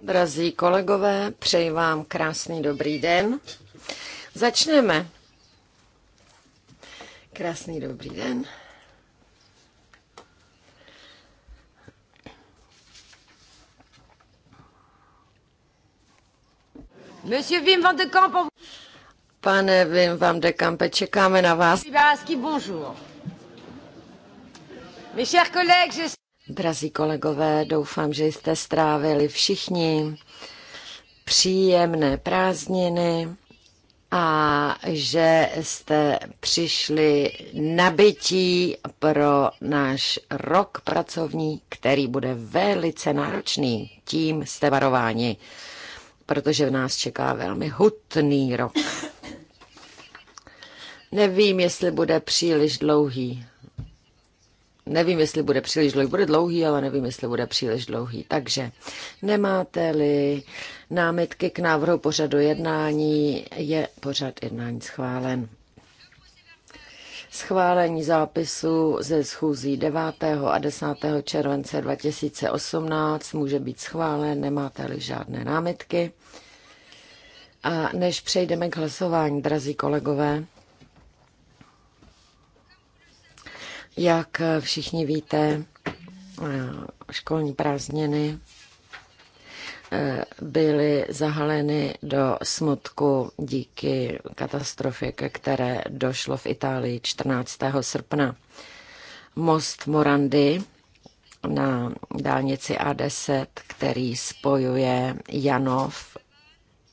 Drazí kolegové, přeji vám krásný dobrý den. Začneme. Krásný dobrý den. Monsieur Wim van de Kamp, Pane Wim van de Kamp, čekáme na vás. Mes chers collègues, je... Drazí kolegové, doufám, že jste strávili všichni příjemné prázdniny a že jste přišli nabití pro náš rok pracovní, který bude velice náročný. Tím jste varováni, protože v nás čeká velmi hutný rok. Nevím, jestli bude příliš dlouhý. Nevím, jestli bude příliš dlouhý. Bude dlouhý, ale nevím, jestli bude příliš dlouhý. Takže nemáte-li námitky k návrhu pořadu jednání, je pořad jednání schválen. Schválení zápisu ze schůzí 9. a 10. července 2018 může být schválen, nemáte-li žádné námitky. A než přejdeme k hlasování, drazí kolegové, Jak všichni víte, eh, školní prázdniny eh, byly zahaleny do smutku díky katastrofě, ke které došlo v Itálii 14. srpna. Most Morandi na dálnici A10, který spojuje Janov,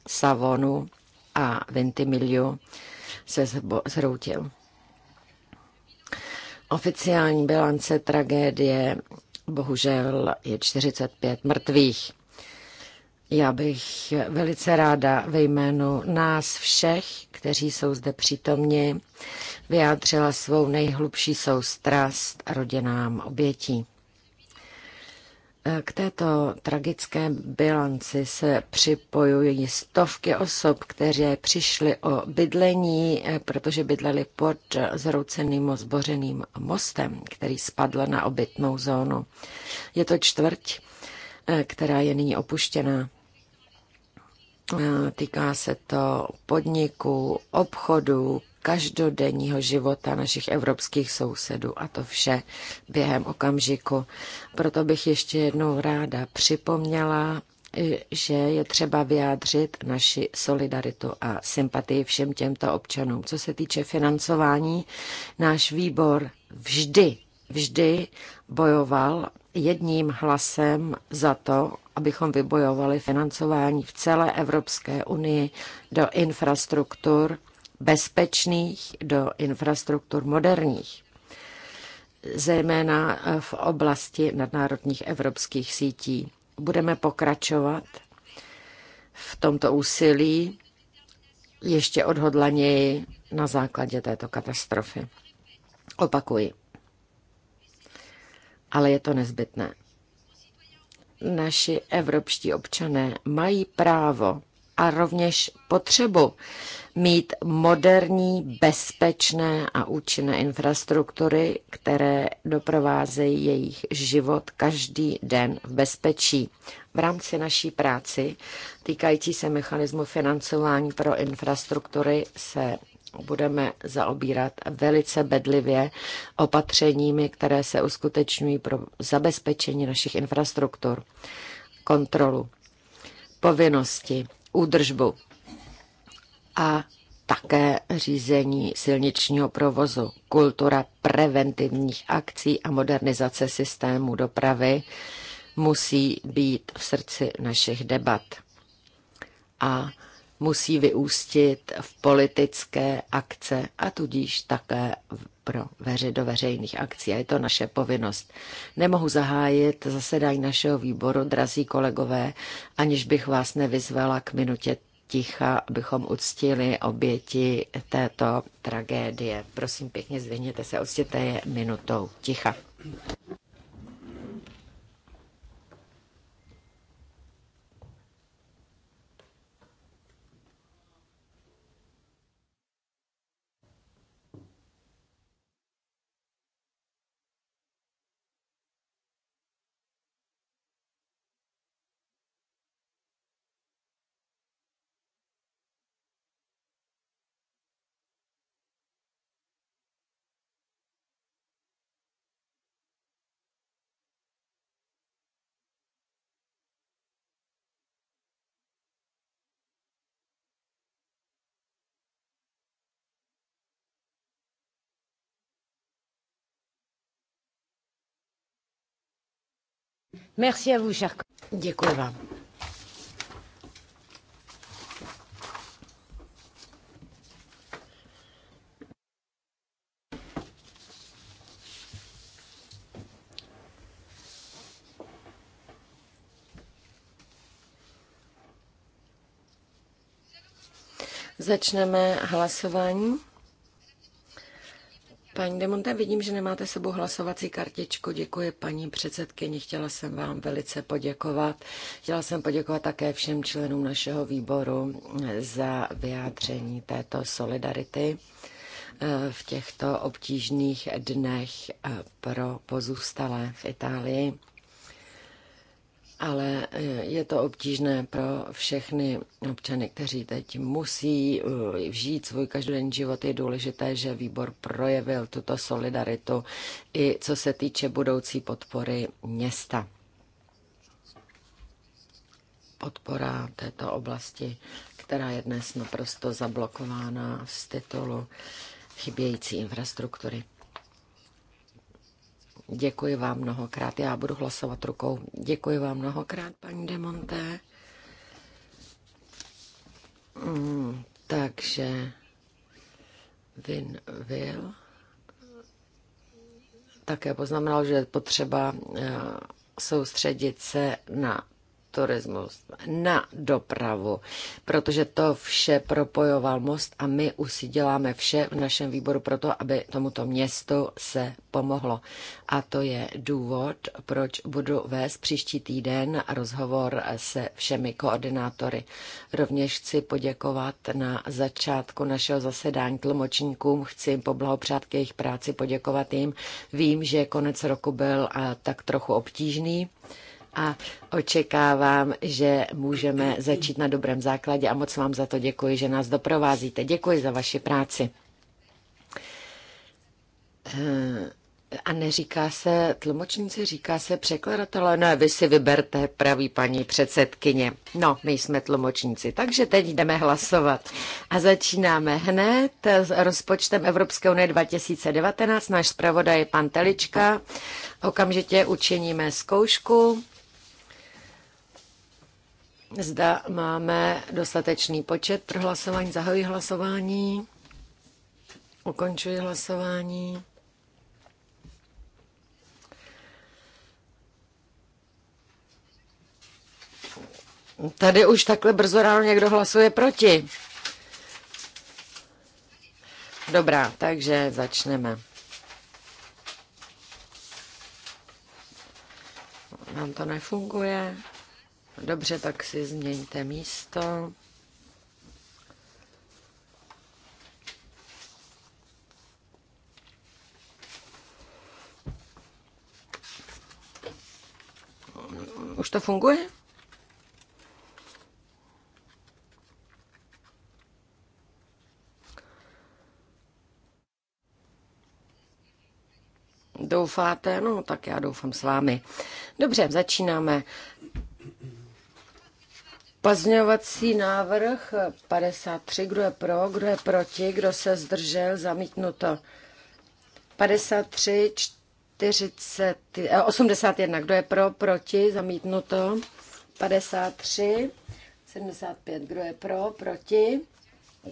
Savonu a Ventimiliu, se zhroutil. Oficiální bilance tragédie bohužel je 45 mrtvých. Já bych velice ráda ve jménu nás všech, kteří jsou zde přítomni, vyjádřila svou nejhlubší soustrast rodinám obětí. K této tragické bilanci se připojují stovky osob, které přišly o bydlení, eh, protože bydleli pod zrouceným zbořeným mostem, který spadl na obytnou zónu. Je to čtvrť, eh, která je nyní opuštěná. Eh, Týká se to podniků, obchodů, každodenního života našich evropských sousedů a to vše během okamžiku. Proto bych ještě jednou ráda připomněla, že je třeba vyjádřit naši solidaritu a sympatii všem těmto občanům. Co se týče financování, náš výbor vždy, vždy bojoval jedním hlasem za to, abychom vybojovali financování v celé Evropské unii do infrastruktur, bezpečných do infrastruktur moderních zejména v oblasti nadnárodních evropských sítí. Budeme pokračovat v tomto úsilí ještě odhodlaněji na základě této katastrofy. Opakuji. Ale je to nezbytné. Naši evropští občané mají právo a rovněž potřebu mít moderní, bezpečné a účinné infrastruktury, které doprovázejí jejich život každý den v bezpečí. V rámci naší práci týkající se mechanismu financování pro infrastruktury se budeme zaobírat velice bedlivě opatřeními, které se uskutečňují pro zabezpečení našich infrastruktur, kontrolu, povinnosti údržbu a také řízení silničního provozu, kultura preventivních akcí a modernizace systému dopravy musí být v srdci našich debat. A musí vyústit v politické akce a tudíž také pro veře, do veřejných akcí a je to naše povinnost. Nemohu zahájit zasedání našeho výboru, drazí kolegové, aniž bych vás nevyzvala k minutě ticha, abychom uctili oběti této tragédie. Prosím pěkně, zvěněte se, uctěte je minutou ticha. Merci à vous, cher... Děkuji vám. Začneme hlasování. Paní Demonte, vidím, že nemáte sebou hlasovací kartičku. Děkuji, paní předsedkyni. Chtěla jsem vám velice poděkovat. Chtěla jsem poděkovat také všem členům našeho výboru za vyjádření této solidarity eh, v těchto obtížných dnech eh, pro pozůstalé v Itálii ale e, je to obtížné pro všechny občany, kteří teď musí e, žít svůj každodenní život. Je důležité, že výbor projevil tuto solidaritu i co se týče budoucí podpory města. Podpora této oblasti, která je dnes naprosto zablokována z titulu chybějící infrastruktury. Děkuji vám mnohokrát. Já budu hlasovat rukou. Děkuji vám mnohokrát, paní Demonté. Mm, takže Vin Will také poznamenal, že je potřeba eh, soustředit se na turismus, na dopravu, protože to vše propojoval most a my už si děláme vše v našem výboru pro to, aby tomuto městu se pomohlo. A to je důvod, proč budu vést příští týden rozhovor se všemi koordinátory. Rovněž chci poděkovat na začátku našeho zasedání tlumočníkům, chci jim poblahopřát k jejich práci, poděkovat jim. Vím, že konec roku byl eh, tak trochu obtížný, a očekávám, že můžeme začít na dobrém základě a moc vám za to děkuji, že nás doprovázíte. Děkuji za vaši práci. Eh, a neříká se, tlumočnice říká se překladatelé, ne, vy si vyberte, pravý paní předsedkyně. No, my jsme tlumočníci, takže teď jdeme hlasovat. A začínáme hned s rozpočtem Evropské unie 2019. Náš zpravodaj je pan Telička. Okamžitě učiníme zkoušku. Zda máme dostatečný počet pro hlasování. Zahajuji hlasování. Ukončuji hlasování. Tady už takhle brzo ráno někdo hlasuje proti. Dobrá, takže začneme. Nám to nefunguje. Dobře, tak si změňte místo. Už to funguje? Doufáte? No, tak já doufám s vámi. Dobře, začínáme. Pozměňovací návrh 53, kdo je pro, kdo je proti, kdo se zdržel, zamítnuto. 53, 40, 81, kdo je pro, proti, zamítnuto. 53, 75, kdo je pro, proti,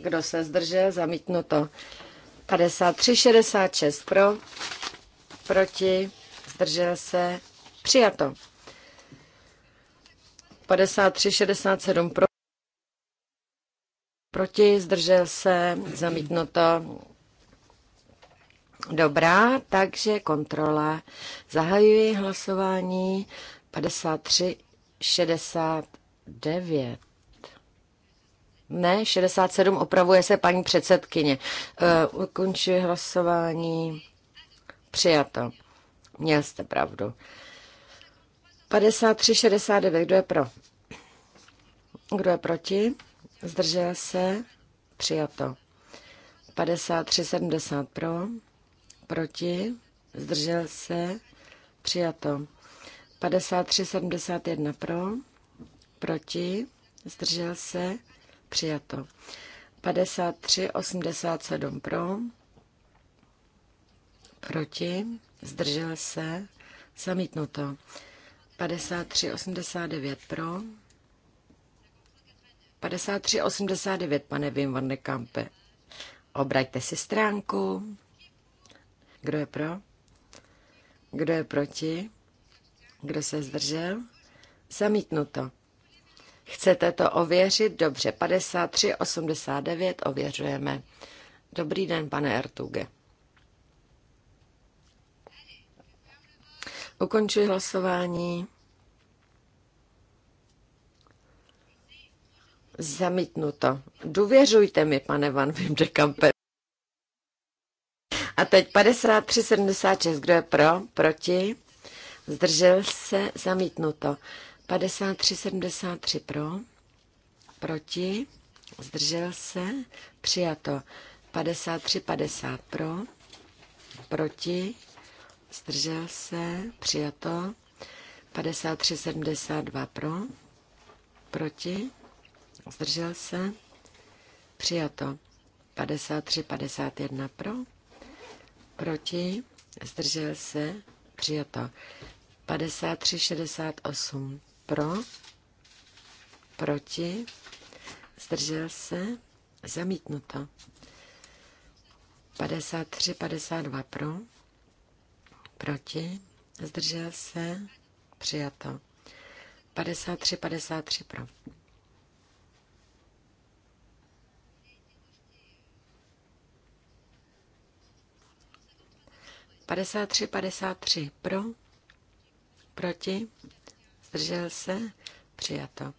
kdo se zdržel, zamítnuto. 53, 66, pro, proti, zdržel se, přijato. 53, 67 pro. Proti, zdržel se, zamítnuto. Dobrá, takže kontrola. Zahajuji hlasování 53, 69. Ne, 67 opravuje se paní předsedkyně. Uh, ukončuji hlasování. Přijato. Měl jste pravdu. 53, 69, kdo je pro? Kdo je proti? Zdržel se? Přijato. 53,70 pro, proti, zdržel se, přijato. 53,71 pro, proti, zdržel se, přijato. 53,87 pro, proti, zdržel se, zamítnuto. 53,89 pro, 5389, pane Wim van de Kampe. Obraťte si stránku. Kdo je pro? Kdo je proti? Kdo se zdržel? Zamítnuto. Chcete to ověřit? Dobře, 5389 ověřujeme. Dobrý den, pane Ertuge. Ukončuji hlasování. Zamítnuto. Důvěřujte mi, pane Van Vim de Kampen. A teď 53,76. Kdo je pro? Proti? Zdržel se? Zamítnuto. 53,73 pro? Proti? Zdržel se? Přijato. 53,50 pro? Proti? Zdržel se? Přijato. 53,72 pro? Proti? zdržel se, přijato 53, 51 pro, proti, zdržel se, přijato 53, 68 pro, proti, zdržel se, zamítnuto 53, 52 pro, proti, zdržel se, přijato 53, 53 pro 53, 53 pro, proti, zdržel se, přijato.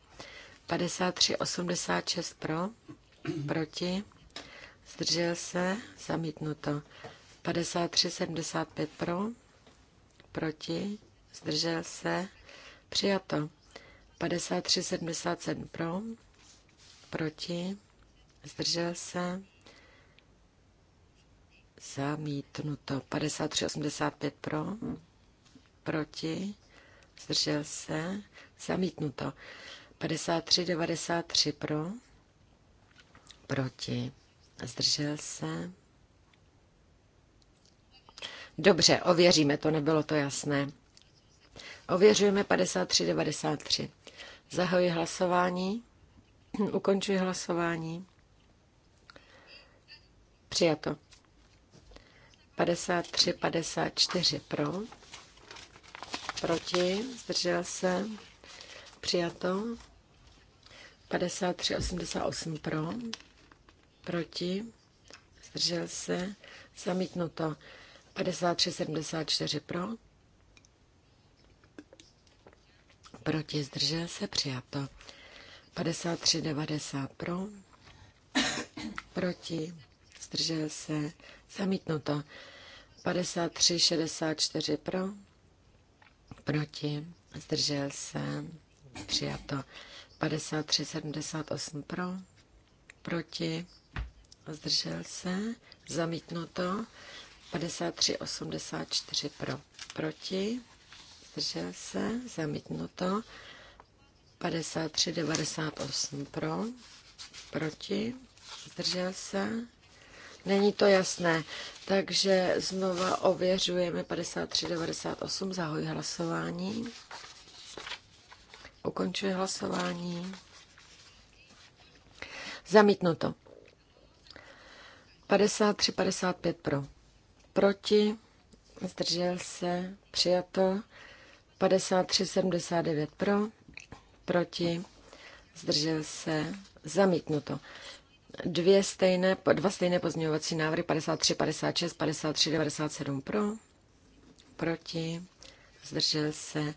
53, 86 pro, proti, zdržel se, zamítnuto. 53, 75 pro, proti, zdržel se, přijato. 53, 77 pro, proti, zdržel se, Zamítnuto. 53,85 pro. Proti. Zdržel se. Zamítnuto. 53,93 pro. Proti. Zdržel se. Dobře, ověříme, to nebylo to jasné. Ověřujeme 53,93. Zahajuji hlasování. Ukončuji hlasování. Přijato. 53, 54 pro, proti, zdržel se, přijato, 53, 88 pro, proti, zdržel se, zamítnuto, 53, 74 pro, proti, zdržel se, přijato, 53, 90 pro, proti, zdržel se, zamítnuto, 53, 64 pro, proti, zdržel se, přijato. 53, 78 pro, proti, zdržel se, zamítnuto. 53, 84 pro, proti, zdržel se, zamítnuto. 53, 98 pro, proti, zdržel se, Není to jasné. Takže znova ověřujeme 5398, zahoj hlasování. Ukončuje hlasování. Zamítnuto. 53, 55 pro. Proti. Zdržel se. Přijato. 53, pro. Proti. Zdržel se. Zamítnuto dvě stejné, dva stejné pozměňovací návrhy 53, 56, 53, 97 pro, proti, zdržel se,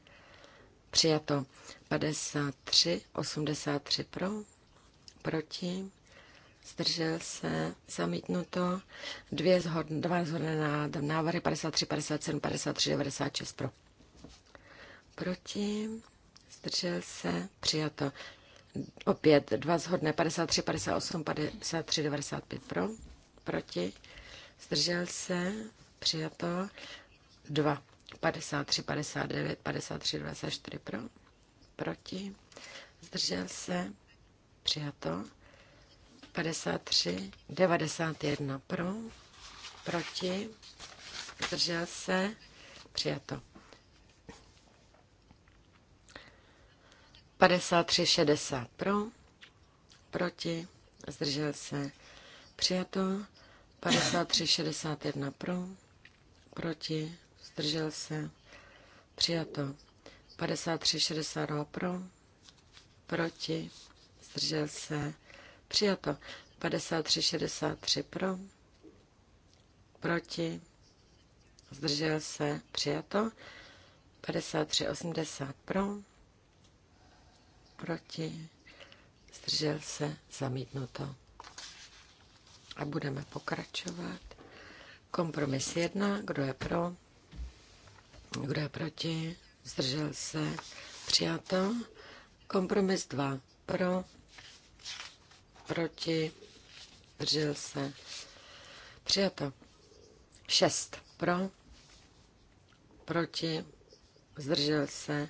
přijato 53, 83 pro, proti, zdržel se, zamítnuto, dvě zhod, dva zhodné návrhy 53, 57, 53, 96 pro, proti, zdržel se, přijato Opět dva zhodné 53, 58, 53, 95 pro, proti. Zdržel se, přijato 2, 53, 59, 53, 24 pro, proti. Zdržel se, přijato 53, 91 pro, proti. Zdržel se, přijato. 53,60 pro, proti, zdržel se, přijato. 53,61 pro, proti, zdržel se, přijato. 53,62 pro, proti, zdržel se, přijato. 53,63 pro, proti, zdržel se, přijato. 53,80 pro, proti, zdržel se, zamítnuto. A budeme pokračovat. Kompromis jedna kdo je pro, kdo je proti, zdržel se, přijato. Kompromis dva pro, proti, zdržel se, přijato. šest pro, proti, zdržel se,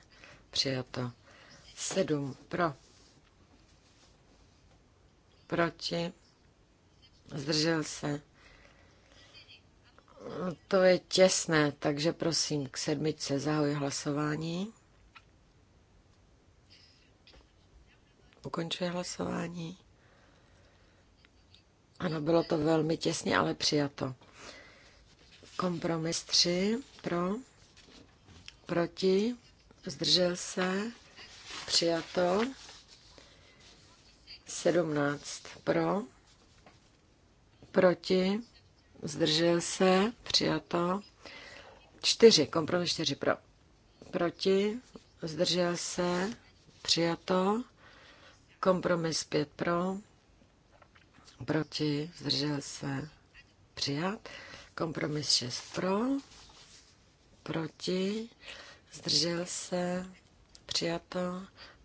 přijato. 7 pro. Proti. Zdržel se. To je těsné, takže prosím, k sedmičce zahoj hlasování. Ukončuje hlasování. Ano, bylo to velmi těsně, ale přijato. Kompromis 3 pro, proti, zdržel se, Přijato. 17 pro. Proti. Zdržel se. Přijato. 4. Kompromis 4 pro. Proti. Zdržel se. Přijato. Kompromis 5 pro. Proti. Zdržel se. Přijat. Kompromis 6 pro. Proti. Zdržel se přijato.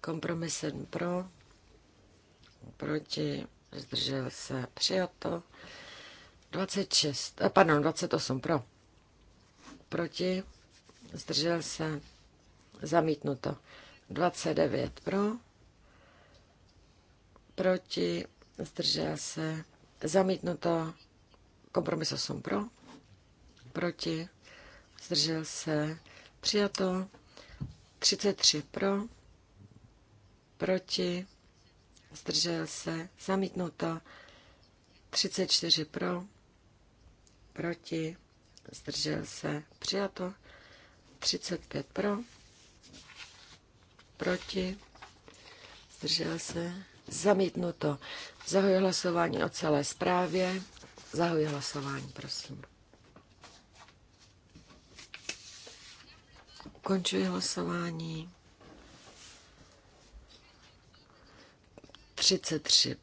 Kompromis 7 pro, proti, zdržel se, přijato. 26, eh, pardon, 28 pro, proti, zdržel se, zamítnuto. 29 pro, proti, zdržel se, zamítnuto. Kompromis 8 pro, proti, zdržel se, přijato. 33 pro, proti, zdržel se, zamítnuto. 34 pro, proti, zdržel se, přijato. 35 pro, proti, zdržel se, zamítnuto. Zahoji hlasování o celé zprávě. Zahoji hlasování, prosím. Ukončuji hlasování. 33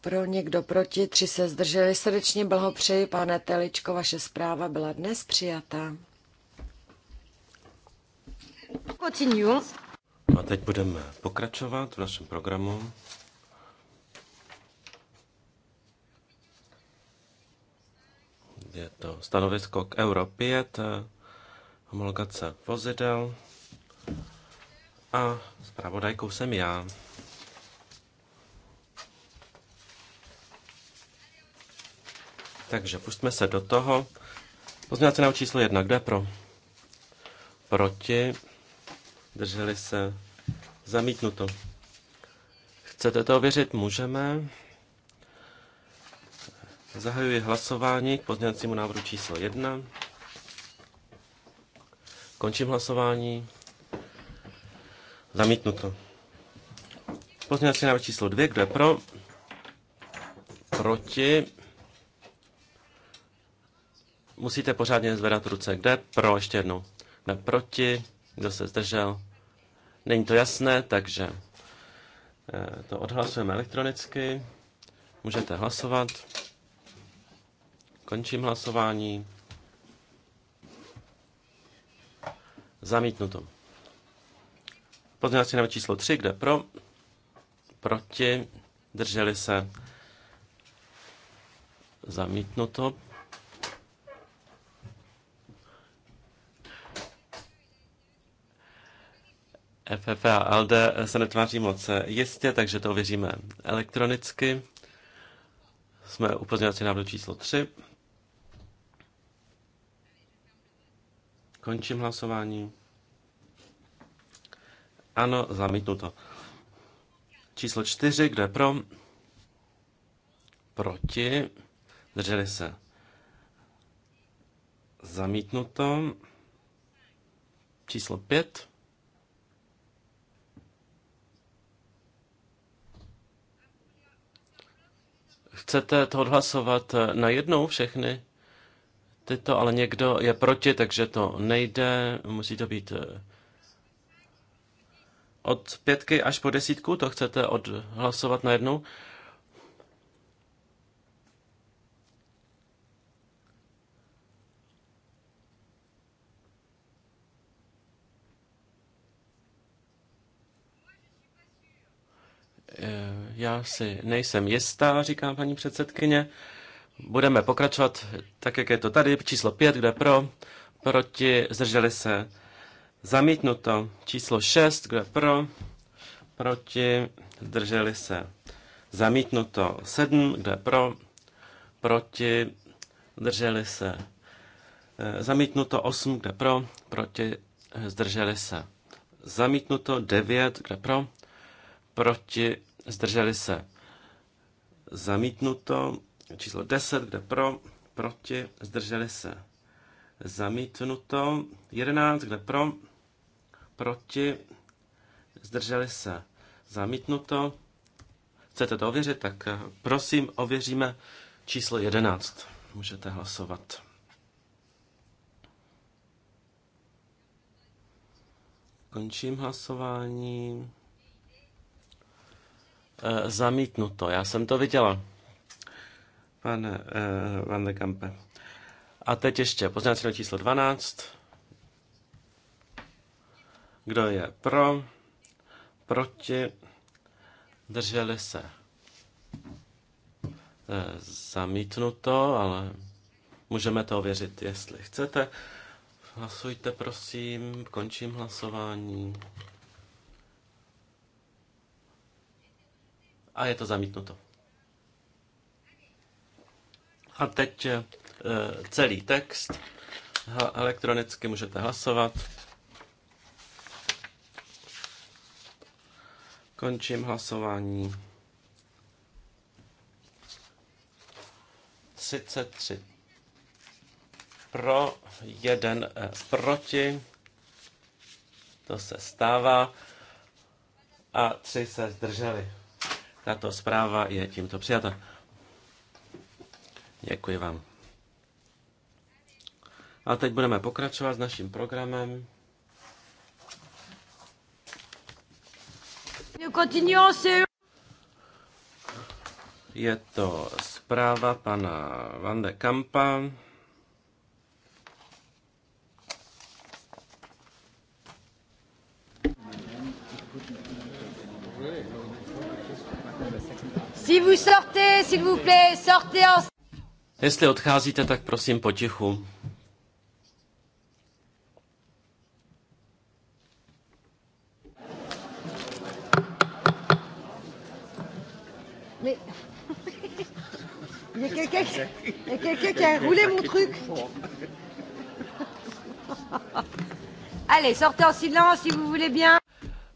pro, někdo proti, tři se zdrželi. Srdečně blahopřeji, pane Teličko, vaše zpráva byla dnes přijata. Continuous. A teď budeme pokračovat v našem programu. Je to stanovisko k Euro 5 homologace vozidel a zpravodajkou jsem já. Takže pustíme se do toho. Pozměňovací návrh číslo jedna. Kdo je pro? Proti. Drželi se. Zamítnuto. Chcete to ověřit? Můžeme. Zahajuji hlasování k pozměňovacímu návrhu číslo jedna. Končím hlasování. Zamítnuto. Pozměňovací návrh číslo 2. Kdo je pro? Proti? Musíte pořádně zvedat ruce. Kde pro? Ještě jednou. Kde proti? Kdo se zdržel? Není to jasné, takže eh, to odhlasujeme elektronicky. Můžete hlasovat. Končím hlasování. Zamítnuto. Pozměnáci návrh číslo 3, kde pro, proti, drželi se, zamítnuto. FFA a LD se netváří moc jistě, takže to věříme elektronicky. Jsme u pozměňovací návrhu číslo 3. Končím hlasování. Ano, zamítnuto. Číslo čtyři, kdo je pro? Proti. Drželi se. Zamítnuto. Číslo pět. Chcete to odhlasovat na jednou všechny? tyto, ale někdo je proti, takže to nejde, musí to být eh, od pětky až po desítku, to chcete odhlasovat najednou. Eh, já si nejsem jistá, říká paní předsedkyně. Budeme pokračovat tak, jak je to tady. Číslo 5, kde pro, proti, zdrželi se. Zamítnuto. Číslo 6, kde pro, proti, zdrželi se. Zamítnuto. 7, kde e, pro, proti, zdrželi se. Zamítnuto 8, kde pro, proti, zdrželi se. Zamítnuto 9, kde pro, proti, zdrželi se. Zamítnuto Číslo 10, kde pro, proti, zdrželi se. Zamítnuto. 11, kde pro, proti, zdrželi se. Zamítnuto. Chcete to ověřit? Tak eh, prosím, ověříme číslo 11. Můžete hlasovat. Končím hlasování. E, zamítnuto, já jsem to viděla. Pane uh, Van de Kampe. A teď ještě poznávací číslo 12. Kdo je pro? Proti? Drželi se. Eh, zamítnuto, ale můžeme to ověřit, jestli chcete. Hlasujte, prosím. Končím hlasování. A je to zamítnuto. A teď eh, celý text. Elektronicky můžete hlasovat. Končím hlasování. 33 pro, jeden eh, proti. To se stává. A tři se zdrželi. Tato zpráva je tímto přijata. Děkuji vám. A teď budeme pokračovat s naším programem. Je to zpráva pana Van de Kampa. Si vous sortez, s'il vous plaît, sortez en... Jestli odcházíte, tak prosím potichu. Mais... mon truc. Allez, sortez en silence si vous voulez bien.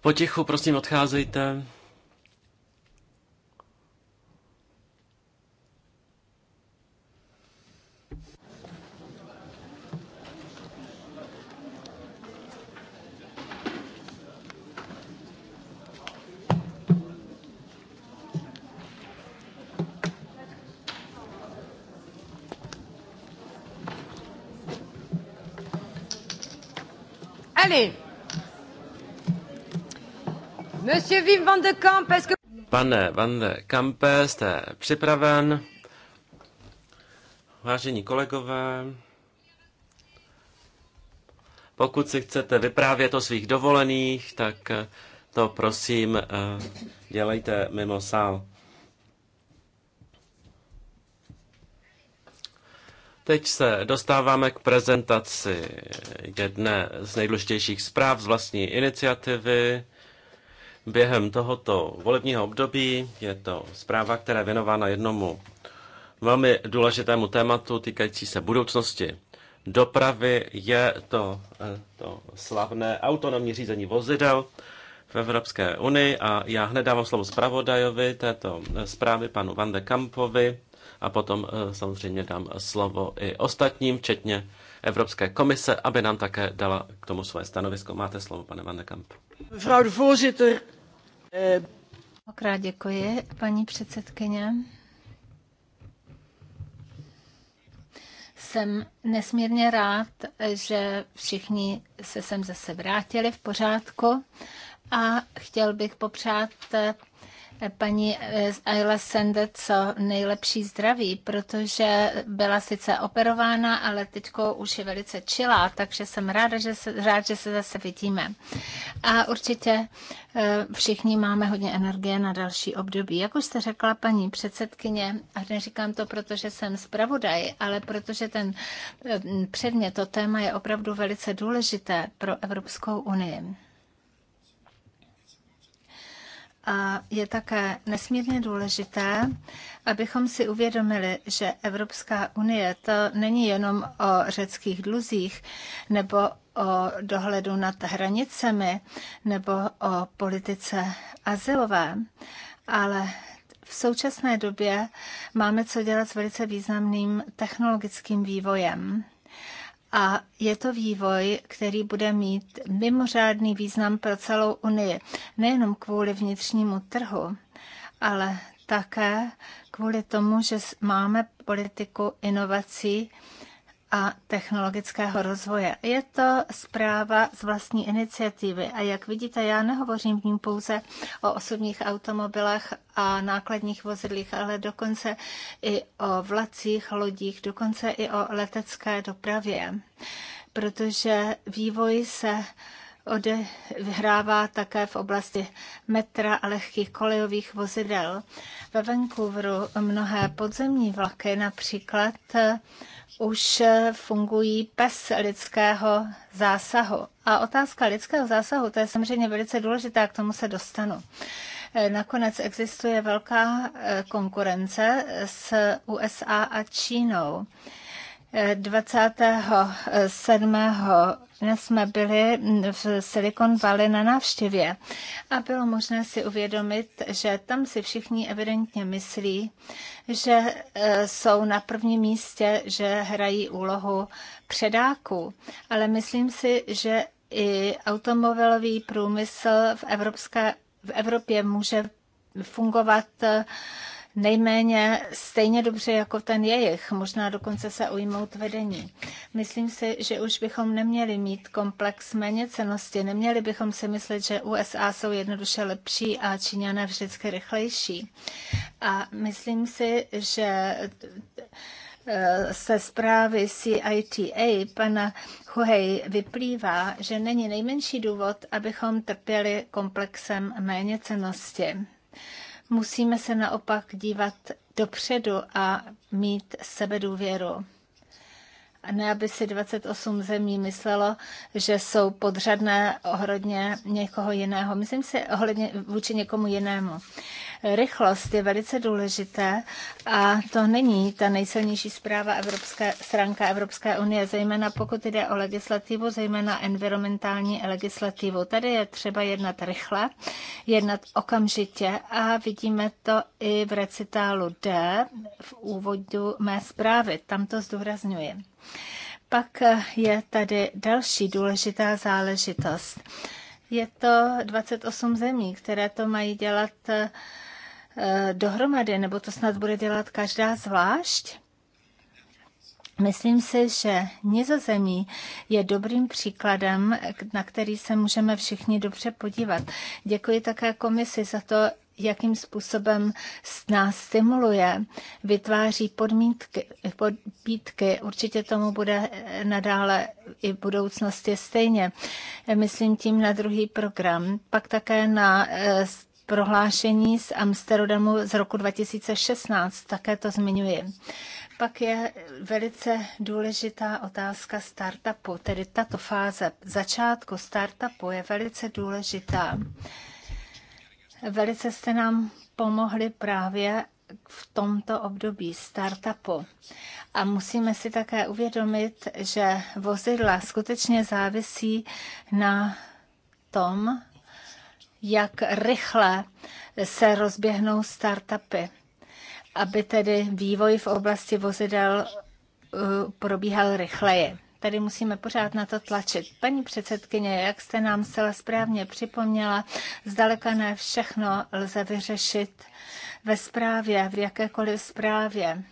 Potichu, prosím, odcházejte. Allez. Monsieur Wim van de Kamp, est-ce que... Pane van de Kampe, jste připraven? Vážení kolegové, pokud si chcete vyprávět o svých dovolených, tak to prosím eh, dělejte mimo sál. Teď se dostáváme k prezentaci jedné z nejdůležitějších zpráv z vlastní iniciativy. Během tohoto volebního období je to zpráva, která je věnována jednomu velmi důležitému tématu týkající se budoucnosti dopravy. Je to, eh, to slavné autonomní řízení vozidel v Evropské unii a já hned dávám slovo zpravodajovi této eh, zprávy, panu Van de Kampovi a potom eh, samozřejmě dám slovo i ostatním, včetně Evropské komise, aby nám také dala k tomu svoje stanovisko. Máte slovo, pane Van de Kamp. Mevrouw de voorzitter. Eh, Okrát děkuji, paní předsedkyně. Jsem nesmírně rád, že všichni se sem zase vrátili v pořádku a chtěl bych popřát paní eh, Ayla Sende co nejlepší zdraví, protože byla sice operována, ale teď už je velice čilá, takže jsem ráda, že se, rád, že se zase vidíme. A určitě eh, všichni máme hodně energie na další období. Jak už jste řekla, paní předsedkyně, a neříkám to, protože jsem zpravodaj, ale protože ten eh, předmět, to téma je opravdu velice důležité pro Evropskou unii. A je také nesmírně důležité, abychom si uvědomili, že Evropská unie to není jenom o řeckých dluzích nebo o dohledu nad hranicemi nebo o politice azylové, ale v současné době máme co dělat s velice významným technologickým vývojem a je to vývoj, který bude mít mimořádný význam pro celou Unii. Nejenom kvůli vnitřnímu trhu, ale také kvůli tomu, že máme politiku inovací, a technologického rozvoje. Je to zpráva z vlastní iniciativy a jak vidíte, já nehovořím v ním pouze o osobních automobilech a nákladních vozidlích, ale dokonce i o vlacích, lodích, dokonce i o letecké dopravě, protože vývoj se odehrává také v oblasti metra a lehkých kolejových vozidel. Ve Vancouveru mnohé podzemní vlaky například eh, už eh, fungují bez lidského zásahu. A otázka lidského zásahu, to je samozřejmě velice důležitá, k tomu se dostanu. Eh, nakonec existuje velká konkurence s USA a Čínou. 27. Dnes jsme byli v Silicon Valley na návštěvě a bylo možné si uvědomit, že tam si všichni evidentně myslí, že e, jsou na prvním místě, že hrají úlohu předáků. Ale myslím si, že i automobilový průmysl v Evropské v Evropě může fungovat e, nejméně stejně dobře jako ten jejich, možná dokonce se ujmout vedení. Myslím si, že už bychom neměli mít komplex méněcenosti, neměli bychom si myslet, že USA jsou jednoduše lepší a Číňané vždycky rychlejší. A myslím si, že eh, se zprávy CITA pana Huhej vyplývá, že není nejmenší důvod, abychom trpěli komplexem méněcenosti. Musíme se naopak dívat dopředu a mít sebedůvěru a ne, aby si 28 zemí myslelo, že jsou podřadné ohledně někoho jiného. Myslím si ohledně vůči někomu jinému. Rychlost je velice důležité a to není ta nejsilnější zpráva Evropské, stránka Evropské unie, zejména pokud jde o legislativu, zejména environmentální legislativu. Tady je třeba jednat rychle, jednat okamžitě a vidíme to i v recitálu D v úvodu mé zprávy. Tam to zdůrazňuji. Pak je tady další důležitá záležitost. Je to 28 zemí, které to mají dělat Eh, dohromady, nebo to snad bude dělat každá zvlášť? Myslím si, že Nizozemí je dobrým příkladem, na který se můžeme všichni dobře podívat. Děkuji také komisi za to, jakým způsobem nás stimuluje, vytváří podmínky, podpítky. Určitě tomu bude nadále i v budoucnosti stejně. Myslím tím na druhý program. Pak také na eh, prohlášení z Amsterdamu z roku 2016, také to zmiňuji. Pak je velice důležitá otázka startupu, tedy tato fáze začátku startupu je velice důležitá. Velice jste nám pomohli právě v tomto období startupu. A musíme si také uvědomit, že vozidla skutečně závisí na tom, jak rychle se rozběhnou startupy, aby tedy vývoj v oblasti vozidel uh, probíhal rychleji. Tady musíme pořád na to tlačit. Paní předsedkyně, jak jste nám zcela správně připomněla, zdaleka ne všechno lze vyřešit ve správě, v jakékoliv správě.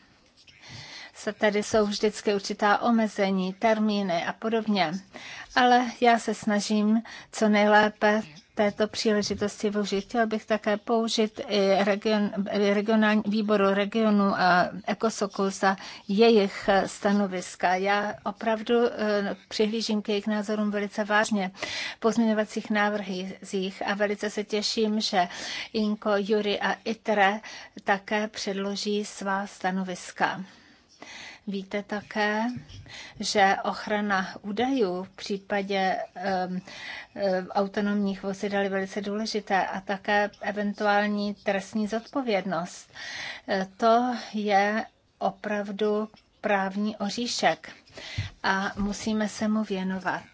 Se tady jsou vždycky určitá omezení, termíny a podobně. Ale já se snažím co nejlépe této příležitosti využít. Chtěla bych také použít i region, regionální, výboru regionu a Ekosoku za jejich stanoviska. Já opravdu eh, přihlížím k jejich názorům velice vážně pozměňovacích jich a velice se těším, že Inko, Jury a Itre také předloží svá stanoviska. Víte také, že ochrana údajů v případě um, autonomních vozidel je velice důležité a také eventuální trestní zodpovědnost. E, to je opravdu právní oříšek a musíme se mu věnovat.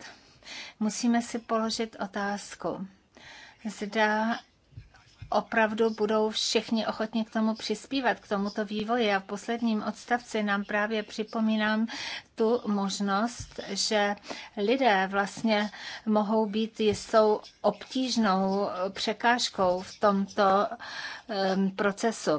Musíme si položit otázku, zda opravdu budou všichni ochotni k tomu přispívat, k tomuto vývoji. A v posledním odstavci nám právě připomínám tu možnost, že lidé vlastně mohou být jistou obtížnou překážkou v tomto procesu.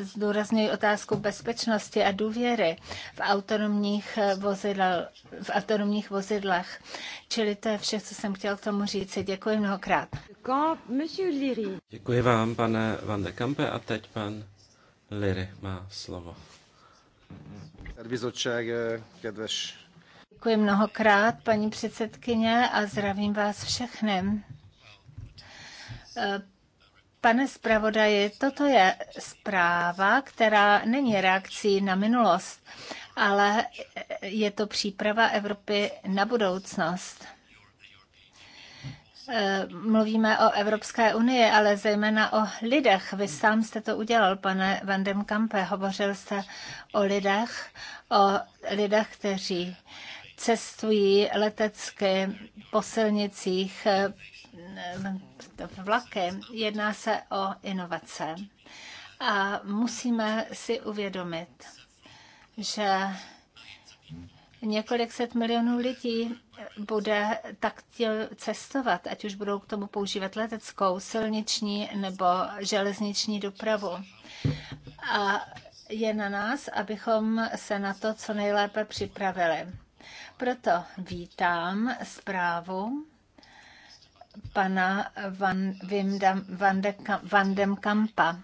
Zdůraznuju otázku bezpečnosti a důvěry v autonomních, vozidel, v autonomních vozidlech. Čili to je vše, co jsem chtěl k tomu říct. Děkuji mnohokrát. Děkuji vám, pane Van de Kampe, a teď pan Liry má slovo. Eh, Děkuji mnohokrát, paní předsedkyně, a zdravím vás všechny. Eh, pane zpravodaji, toto je zpráva, která není reakcí na minulost, ale je to příprava Evropy na budoucnost. Eh, mluvíme o Evropské unii, ale zejména o lidech. Vy sám jste to udělal, pane Van Kampe. Hovořil jste o lidech, o lidech, kteří cestují letecky po silnicích, eh, vlaky. Jedná se o inovace. A musíme si uvědomit, že několik set milionů lidí bude tak cestovat, ať už budou k tomu používat leteckou, silniční nebo železniční dopravu. A je na nás, abychom se na to co nejlépe připravili. Proto vítám zprávu pana Van, Vimdam, Van, de, Van dem Kampa.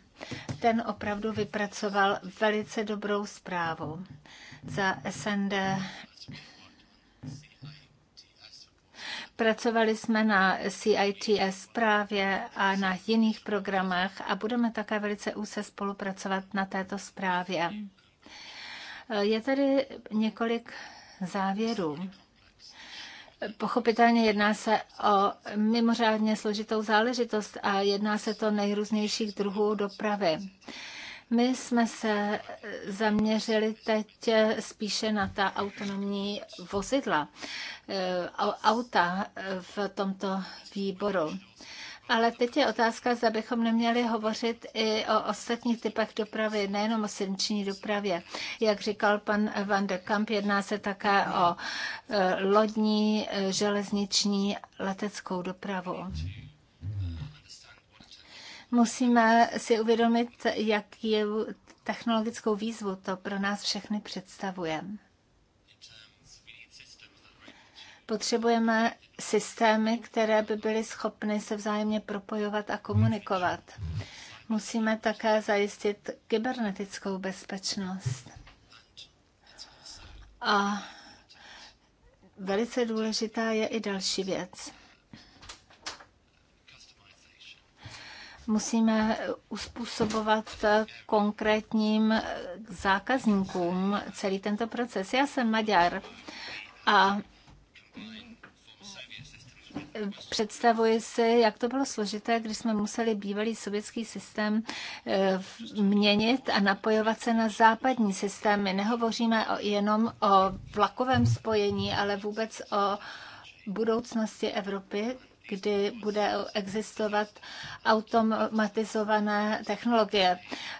Ten opravdu vypracoval velice dobrou zprávu za SND Pracovali jsme na CITS zprávě a na jiných programech a budeme také velice úzce spolupracovat na této zprávě. Je tady několik závěrů. Pochopitelně jedná se o mimořádně složitou záležitost a jedná se to nejrůznějších druhů dopravy. My jsme se eh, zaměřili teď eh, spíše na ta autonomní vozidla, eh, auta v tomto výboru. Ale teď je otázka, zda bychom neměli hovořit i o ostatních typech dopravy, nejenom o silniční dopravě. Jak říkal pan Van de Kamp, jedná se také o lodní, železniční, leteckou dopravu. Musíme si uvědomit, jak je technologickou výzvu to pro nás všechny představuje. Potřebujeme systémy, které by byly schopny se vzájemně propojovat a komunikovat. Musíme také zajistit kybernetickou bezpečnost. A velice důležitá je i další věc. musíme uspůsobovat konkrétním zákazníkům celý tento proces. Já jsem Maďar a představuji si, jak to bylo složité, když jsme museli bývalý sovětský systém eh, měnit a napojovat se na západní systémy. Nehovoříme jenom o vlakovém spojení, ale vůbec o budoucnosti Evropy, kdy bude existovat automatizované technologie.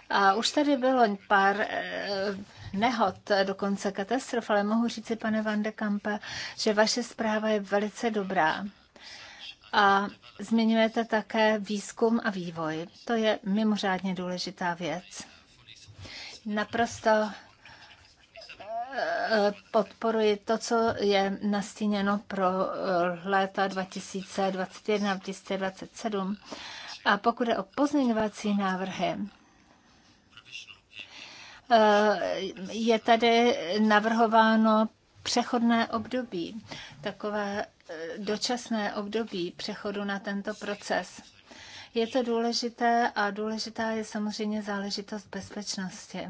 A už tady bylo pár eh, nehod, dokonce katastrof, ale mohu říci, pane Van de Kampe, že vaše zpráva je velice dobrá. A zmiňujete také výzkum a vývoj. To je mimořádně důležitá věc. Naprosto podporuji to, co je nastíněno pro léta 2021 2027. A pokud je o pozměňovací návrhy, eh, je tady navrhováno přechodné období, takové eh, dočasné období přechodu na tento proces. Je to důležité a důležitá je samozřejmě záležitost bezpečnosti.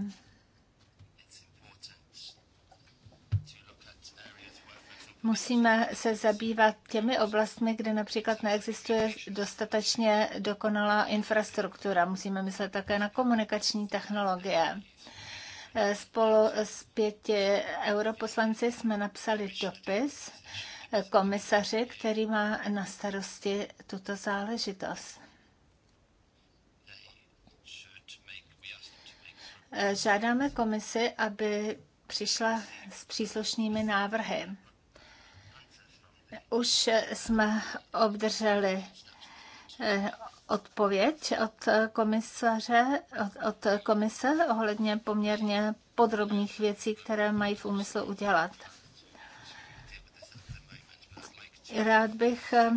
musíme se zabývat těmi oblastmi, kde například neexistuje dostatečně dokonalá infrastruktura. Musíme myslet také na komunikační technologie. Eh, spolu s pěti europoslanci jsme napsali dopis eh, komisaři, který má na starosti tuto záležitost. Eh, žádáme komisi, aby přišla s příslušnými návrhy. Už jsme obdrželi eh, odpověď od komisaře, od, od komise ohledně poměrně podrobných věcí, které mají v úmyslu udělat. Rád bych eh,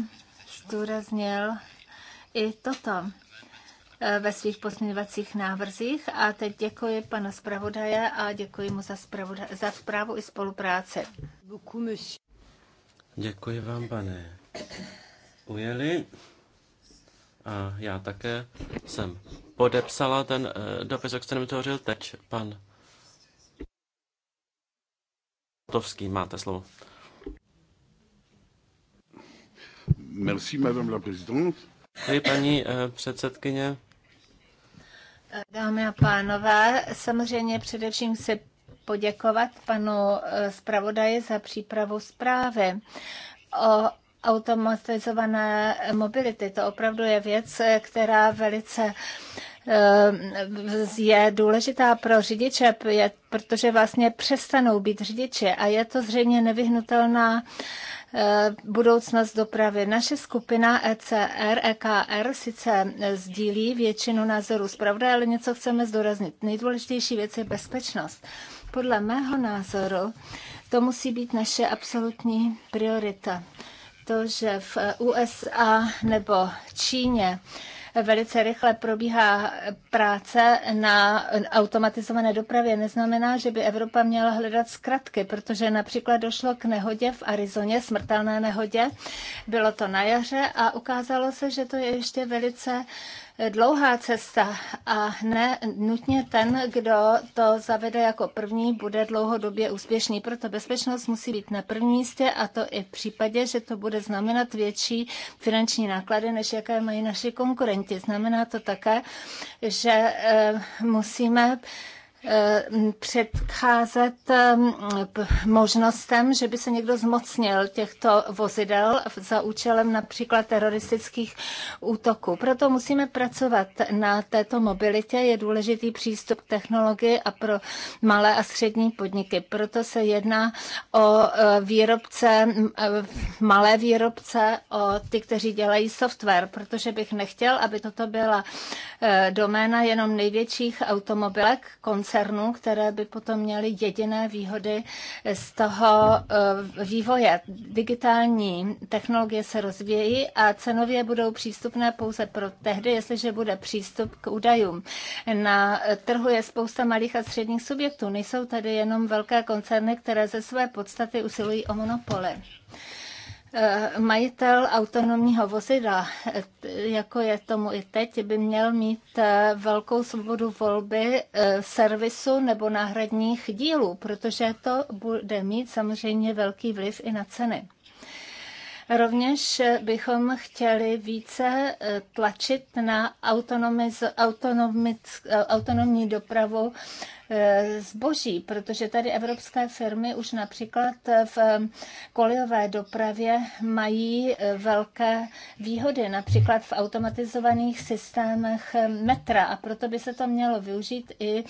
zdůraznil i toto eh, ve svých pozměňovacích návrzích a teď děkuji panu zpravodaje a děkuji mu za, za zprávu i spolupráci. Děkuji vám, pane Ujeli. A já také jsem podepsala ten eh, dopis, o kterém to hořil teď pan Tovský. Máte slovo. Merci, madame la présidente. Vy, paní eh, předsedkyně. Dámy a pánové, samozřejmě především se poděkovat panu eh, zpravodaji za přípravu zprávy. O automatizované mobility, to opravdu je věc, eh, která velice eh, je důležitá pro řidiče, protože vlastně přestanou být řidiči a je to zřejmě nevyhnutelná budoucnost dopravy. Naše skupina ECR, EKR sice sdílí většinu názorů zpravda, ale něco chceme zdoraznit. Nejdůležitější věc je bezpečnost. Podle mého názoru to musí být naše absolutní priorita. To, že v USA nebo Číně velice rychle probíhá práce na automatizované dopravě, neznamená, že by Evropa měla hledat zkratky, protože například došlo k nehodě v Arizoně, smrtelné nehodě. Bylo to na jaře a ukázalo se, že to je ještě velice dlouhá cesta a ne nutně ten, kdo to zavede jako první, bude dlouhodobě úspěšný. Proto bezpečnost musí být na prvním místě a to i v případě, že to bude znamenat větší finanční náklady, než jaké mají naši konkurenti. Znamená to také, že eh, musíme Eh, předcházet eh, možnostem, že by se někdo zmocnil těchto vozidel za účelem například teroristických útoků. Proto musíme pracovat na této mobilitě. Je důležitý přístup k technologii a pro malé a střední podniky. Proto se jedná o eh, výrobce, malé výrobce, o ty, kteří dělají software, protože bych nechtěl, aby toto byla doména jenom největších automobilek, koncernů, které by potom měly jediné výhody z toho eh, vývoje. Digitální technologie se rozvíjí a cenově budou přístupné pouze pro tehdy, jestliže bude přístup k údajům. Na trhu je spousta malých a středních subjektů. Nejsou tady jenom velké koncerny, které ze své podstaty usilují o monopoly. Eh, majitel autonomního vozidla, eh, jako je tomu i teď, by měl mít eh, velkou svobodu volby servisu nebo náhradních dílů, protože to bude mít samozřejmě velký vliv i na ceny. Rovněž bychom chtěli více tlačit na autonomní dopravu Eh, zboží, protože tady evropské firmy už například v kolejové dopravě mají eh, velké výhody, například v automatizovaných systémech eh, metra a proto by se to mělo využít i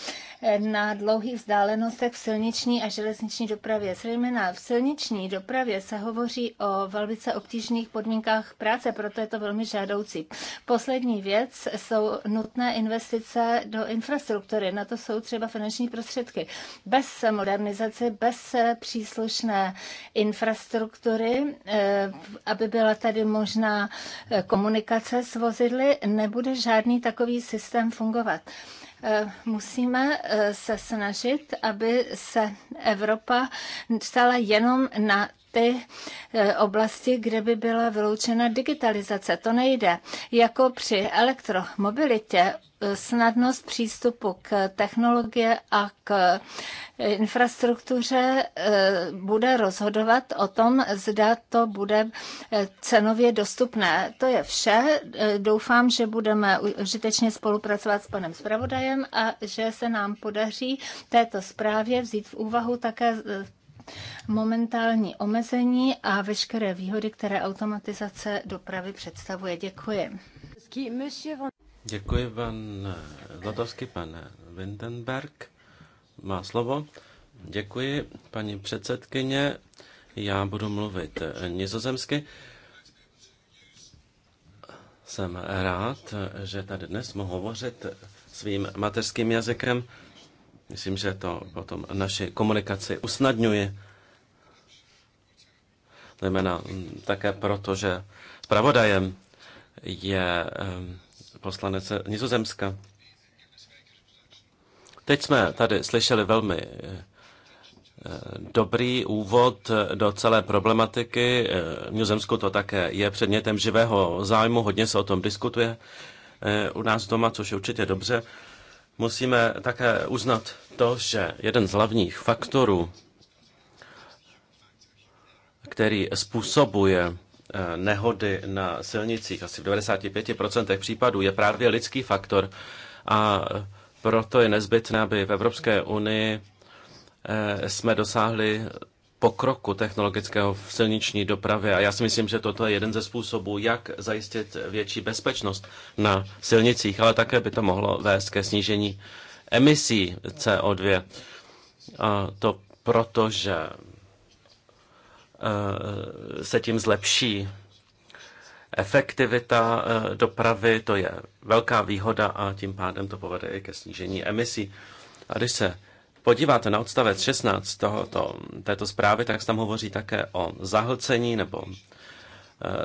na dlouhých vzdálenostech v silniční a železniční dopravě. Zejména v silniční dopravě se hovoří o velice obtížných podmínkách práce, proto je to velmi žádoucí. Poslední věc jsou nutné investice do infrastruktury. Na to jsou třeba finanční prostředky. Bez modernizace, bez příslušné infrastruktury, eh, aby byla tady možná eh, komunikace s vozidly, nebude žádný takový systém fungovat eh, musíme se snažit, aby se Evropa stala jenom na ty eh, oblasti, kde by byla vyloučena digitalizace. To nejde. Jako při elektromobilitě eh, snadnost přístupu k technologie a k eh, infrastruktuře bude rozhodovat o tom, zda to bude cenově dostupné. To je vše. Doufám, že budeme užitečně spolupracovat s panem zpravodajem a že se nám podaří této zprávě vzít v úvahu také momentální omezení a veškeré výhody, které automatizace dopravy představuje. Děkuji. Děkuji, pan Zlatovský, pan Windenberg má slovo. Děkuji, paní předsedkyně. Já budu mluvit nizozemsky. Jsem rád, že tady dnes mohu hovořit svým mateřským jazykem. Myslím, že to potom naši komunikaci usnadňuje. Zejména mm, také proto, že zpravodajem je poslanec Nizozemska. Teď jsme tady slyšeli velmi eh, dobrý úvod eh, do celé problematiky. Eh, v Nizozemsku to také je předmětem živého zájmu, hodně se o tom diskutuje u nás doma, což je určitě dobře. Musíme také uznat to, že jeden z hlavních faktorů, který způsobuje eh, nehody na silnicích, asi v 95% případů, je právě lidský faktor. A proto je nezbytné, aby v Evropské unii eh, jsme dosáhli pokroku technologického v silniční dopravě a já si myslím, že toto je jeden ze způsobů, jak zajistit větší bezpečnost na silnicích, ale také by to mohlo vést ke snížení emisí CO2. A to proto, že eh, se tím zlepší efektivita eh, dopravy, to je velká výhoda a tím pádem to povede i ke snížení emisí. A když se podíváte na odstavec 16 tohoto, této zprávy, tak se tam hovoří také o zahlcení nebo e,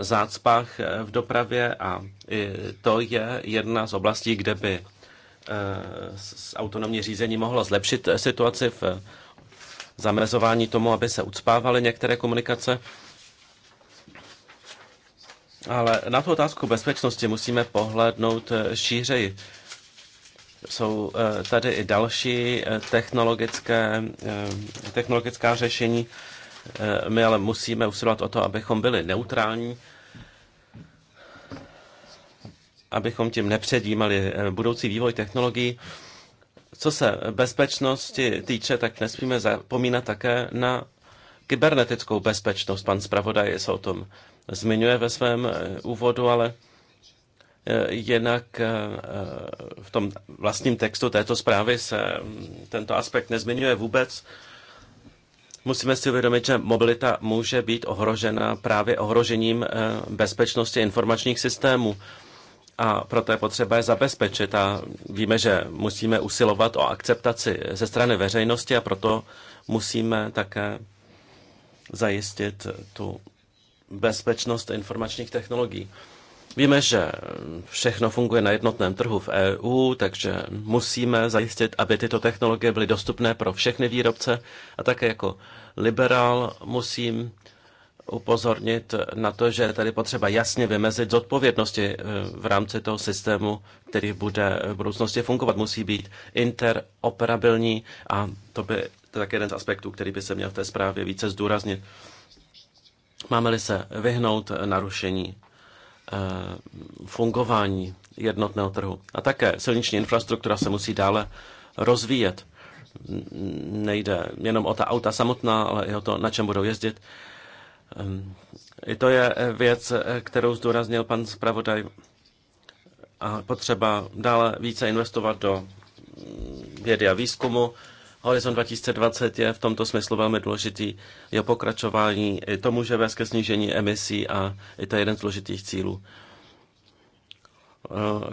zácpách e, v dopravě a i to je jedna z oblastí, kde by e, s autonomní řízení mohlo zlepšit situaci v zamezování tomu, aby se ucpávaly některé komunikace. Ale na tu otázku bezpečnosti musíme pohlednout šířeji. Jsou eh, tady i další eh, technologické, eh, technologická řešení. My ale musíme usilovat o to, abychom byli neutrální, abychom tím nepředjímali budoucí vývoj technologií. Co se bezpečnosti týče, tak nesmíme zapomínat také na kybernetickou bezpečnost. Pan zpravodaj se o tom zmiňuje ve svém úvodu, ale Eh, jinak eh, eh, v tom vlastním textu této zprávy se mm, tento aspekt nezmiňuje vůbec. Musíme si uvědomit, že mobilita může být ohrožena právě ohrožením bezpečnosti informačních systémů. A proto je potřeba je zabezpečit. A víme, že musíme usilovat o akceptaci ze strany veřejnosti a proto musíme také zajistit tu bezpečnost informačních technologií. Víme, že všechno funguje na jednotném trhu v EU, takže musíme zajistit, aby tyto technologie byly dostupné pro všechny výrobce. A také jako liberál musím upozornit na to, že je tady potřeba jasně vymezit zodpovědnosti eh, v rámci toho systému, který bude eh, v budoucnosti fungovat. Musí být interoperabilní a to by to je také jeden z aspektů, který by se měl v té zprávě více zdůraznit. Máme-li se vyhnout narušení Eh, fungování jednotného trhu. A také silniční infrastruktura se musí dále rozvíjet. Nejde jenom o ta auta samotná, ale i o to, na čem budou jezdit. Ehm, I to je eh, věc, eh, kterou zdůraznil pan zpravodaj. A potřeba dále více investovat do vědy a výzkumu, Horizon 2020 je v tomto smyslu velmi důležitý. Jeho pokračování i to může vést ke snížení emisí a i to je jeden z důležitých cílů, eh,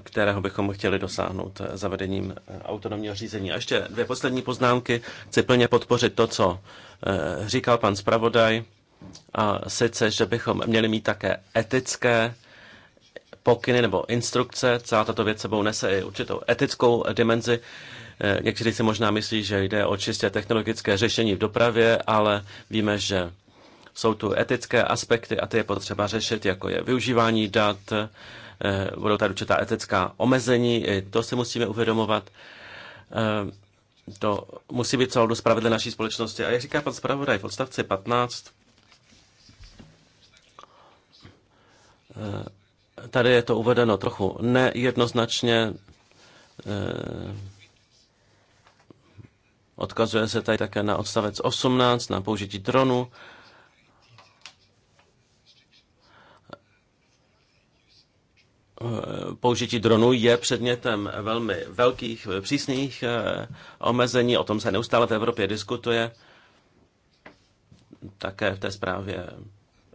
kterého bychom chtěli dosáhnout eh, zavedením eh, autonomního řízení. A ještě dvě poslední poznámky. Chci plně podpořit to, co říkal pan zpravodaj, a sice, že bychom měli mít také etické pokyny nebo instrukce. Celá tato věc sebou nese i určitou etickou dimenzi. Někteří eh, si možná myslí, že jde o čistě technologické řešení v dopravě, ale víme, že jsou tu etické aspekty a ty je potřeba řešit, jako je využívání dat, eh, budou tady určitá etická omezení, i to si musíme uvědomovat. Eh, to musí být celou spravedlivé naší společnosti. A jak říká pan zpravodaj v odstavci 15, tady je to uvedeno trochu nejednoznačně, Odkazuje se tady také na odstavec 18, na použití dronu. Použití dronu je předmětem velmi velkých, přísných eh, omezení, o tom se neustále v Evropě diskutuje. Také v té zprávě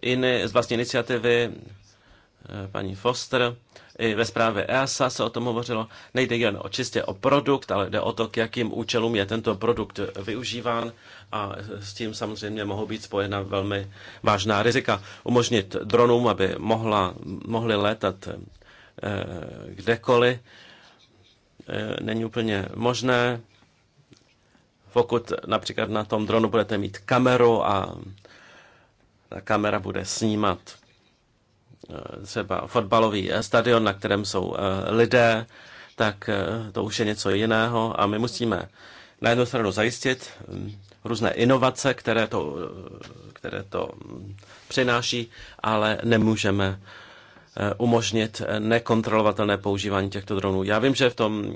Iny, z vlastní iniciativy paní Foster. I ve zprávě EASA se o tom hovořilo. Nejde jen o čistě o produkt, ale jde o to, k jakým účelům je tento produkt využíván a s tím samozřejmě mohou být spojena velmi vážná rizika. Umožnit dronům, aby mohla, mohly létat kdekoli. Eh, kdekoliv, eh, není úplně možné. Pokud například na tom dronu budete mít kameru a ta kamera bude snímat třeba fotbalový eh, stadion, na kterém jsou eh, lidé, tak eh, to už je něco jiného a my musíme na jednu stranu zajistit hm, různé inovace, které to, které to hm, přináší, ale nemůžeme umožnit nekontrolovatelné používání těchto dronů. Já vím, že v tom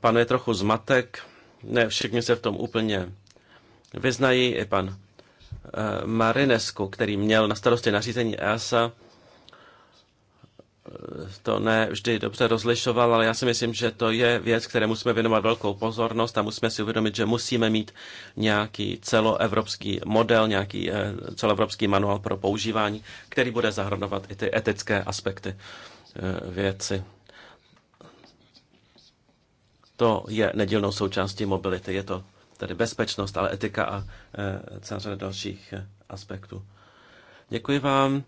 panuje trochu zmatek, ne všichni se v tom úplně vyznají, i pan Eh, Marinesku, který měl na starosti nařízení EASA, eh, to ne vždy dobře rozlišoval, ale já si myslím, že to je věc, které musíme věnovat velkou pozornost a musíme si uvědomit, že musíme mít nějaký celoevropský model, nějaký eh, celoevropský manuál pro používání, který bude zahrnovat i ty etické aspekty věci. To je nedílnou součástí mobility. Je to tedy bezpečnost, ale etika a e, celá řada dalších e, aspektů. Děkuji vám.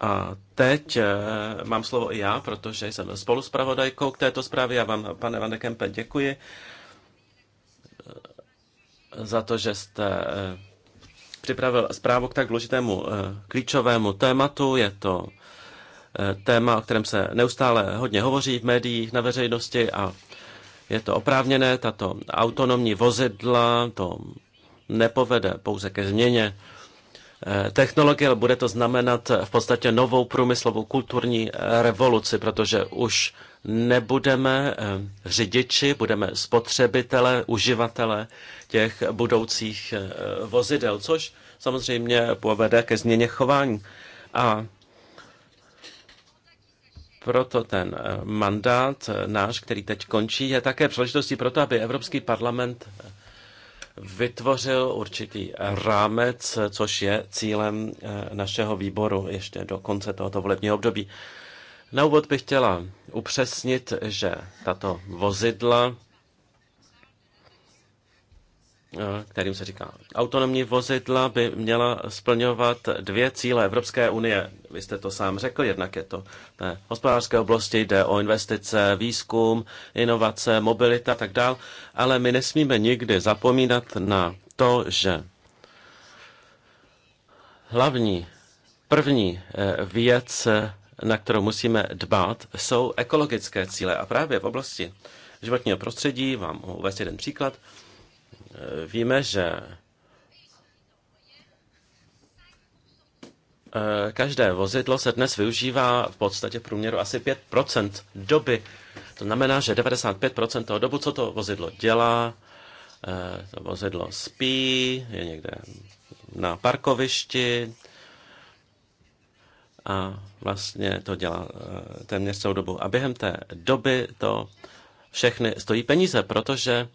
A teď e, mám slovo i já, protože jsem spolu s pravodajkou k této zprávě. Já vám, pane Van de Kempe, děkuji za to, že jste připravil zprávu k tak důležitému klíčovému tématu. Je to téma, o kterém se neustále hodně hovoří v médiích, na veřejnosti a je to oprávněné, tato autonomní vozidla, to nepovede pouze ke změně eh, technologie, ale bude to znamenat v podstatě novou průmyslovou kulturní eh, revoluci, protože už nebudeme eh, řidiči, budeme spotřebitele, uživatele těch budoucích vozidel, což samozřejmě povede ke změně chování. A proto ten eh, mandát eh, náš, který teď končí, je také příležitostí pro to, aby Evropský parlament eh, vytvořil určitý rámec, což je cílem našeho výboru ještě do konce tohoto volebního období. Na úvod bych chtěla upřesnit, že tato vozidla Eh, kterým se říká autonomní vozidla, by měla splňovat dvě cíle Evropské unie. Vy jste to sám řekl, jednak je to v hospodářské oblasti, jde o investice, výzkum, inovace, mobilita a tak dál, ale my nesmíme nikdy zapomínat na to, že hlavní, první eh, věc, eh, na kterou musíme dbát, jsou ekologické cíle. A právě v oblasti životního prostředí, vám uvést jeden příklad, Eh, víme, že eh, každé vozidlo se dnes využívá v podstatě v průměru asi 5% doby. To znamená, že 95% toho dobu, co to vozidlo dělá, eh, to vozidlo spí, je někde na parkovišti a vlastně to dělá téměř celou dobu. A během té doby to všechny stojí peníze, protože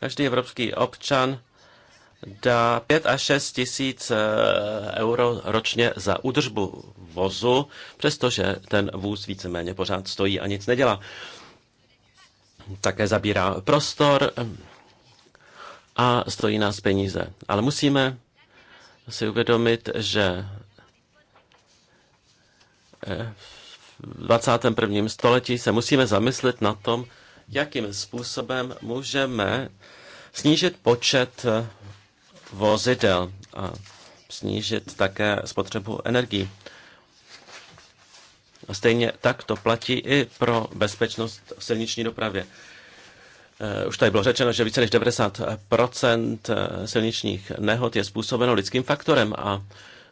Každý evropský občan dá 5 až 6 tisíc eh, euro ročně za údržbu vozu, přestože ten vůz víceméně pořád stojí a nic nedělá. Také zabírá prostor eh, a stojí nás peníze. Ale musíme si uvědomit, že eh, v 21. století se musíme zamyslet na tom, jakým způsobem můžeme snížit počet eh, vozidel a snížit také spotřebu energii. A stejně tak to platí i pro bezpečnost v silniční dopravě. Eh, už tady bylo řečeno, že více než 90 eh, silničních nehod je způsobeno lidským faktorem a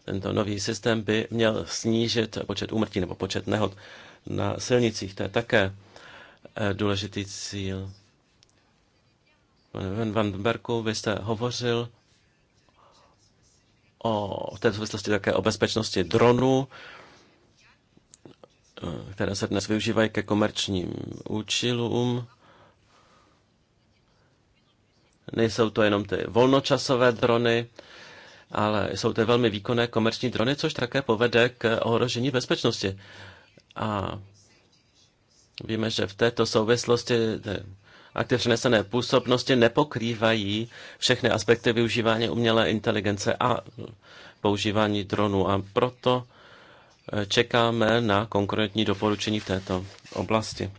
tento nový systém by měl snížit počet úmrtí nebo počet nehod na silnicích. To je také Eh, důležitý cíl. Pan Van Berku, vy jste hovořil o v té souvislosti také o bezpečnosti dronů, eh, které se dnes využívají ke komerčním účelům. Nejsou to jenom ty volnočasové drony, ale jsou to velmi výkonné komerční drony, což také povede k ohrožení bezpečnosti. A Víme, že v této souvislosti akty přenesené působnosti nepokrývají všechny aspekty využívání umělé inteligence a používání dronů a proto eh, čekáme na konkrétní doporučení v této oblasti.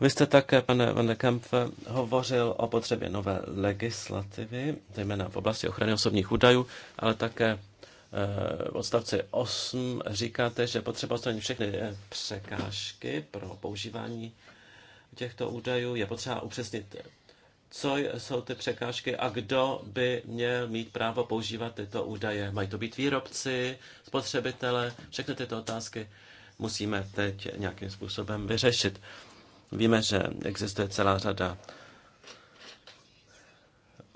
Vy jste také, pane Van de Kempf, hovořil o potřebě nové legislativy, zejména v oblasti ochrany osobních údajů, ale také Eh, v odstavci 8 říkáte, že potřeba odstranit všechny eh, překážky pro používání těchto údajů. Je potřeba upřesnit, co jsou ty překážky a kdo by měl mít právo používat tyto údaje. Mají to být výrobci, spotřebitele, všechny tyto otázky musíme teď nějakým způsobem vyřešit. Víme, že existuje celá řada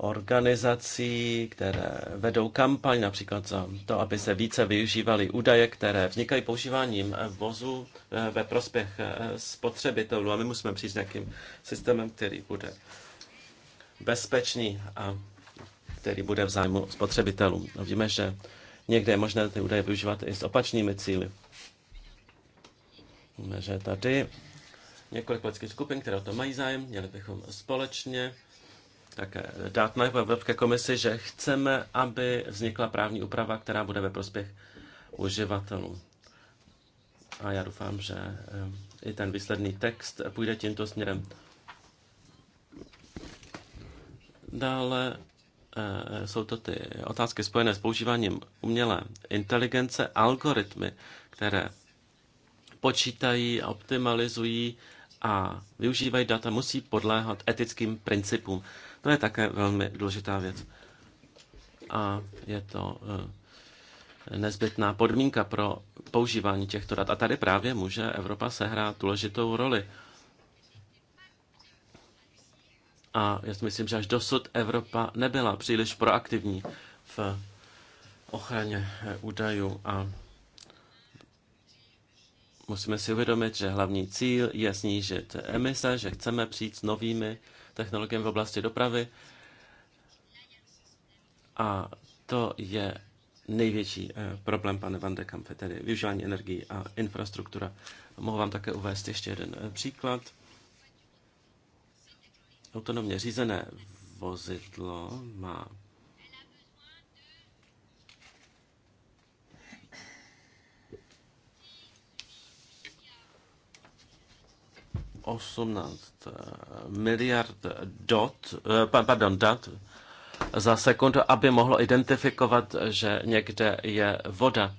organizací, které vedou kampaň například za to, aby se více využívaly údaje, které vznikají používáním vozu eh, ve prospěch eh, spotřebitelů. A my musíme přijít s nějakým systémem, který bude bezpečný a který bude v zájmu spotřebitelů. A no, víme, že někde je možné ty údaje využívat i s opačnými cíly. Víme, že tady několik politických skupin, které o to mají zájem, měli bychom společně tak dát na Evropské komisi, že chceme, aby vznikla právní úprava, která bude ve prospěch uživatelů. A já doufám, že eh, i ten výsledný text půjde tímto směrem. Dále eh, jsou to ty otázky spojené s používáním umělé inteligence, algoritmy, které počítají, optimalizují a využívají data, musí podléhat etickým principům. To je také velmi důležitá věc. A je to eh, nezbytná podmínka pro používání těchto dat. A tady právě může Evropa sehrát důležitou roli. A já si myslím, že až dosud Evropa nebyla příliš proaktivní v ochraně eh, údajů a musíme si uvědomit, že hlavní cíl je snížit emise, že chceme přijít s novými technologiemi v oblasti dopravy. A to je největší eh, problém, pane Van de Kampe, tedy využívání energií a infrastruktura. Mohu vám také uvést ještě jeden eh, příklad. Autonomně řízené vozidlo má 18 eh, miliard dot, eh, pardon, dat za sekundu, aby mohlo identifikovat, že někde je voda.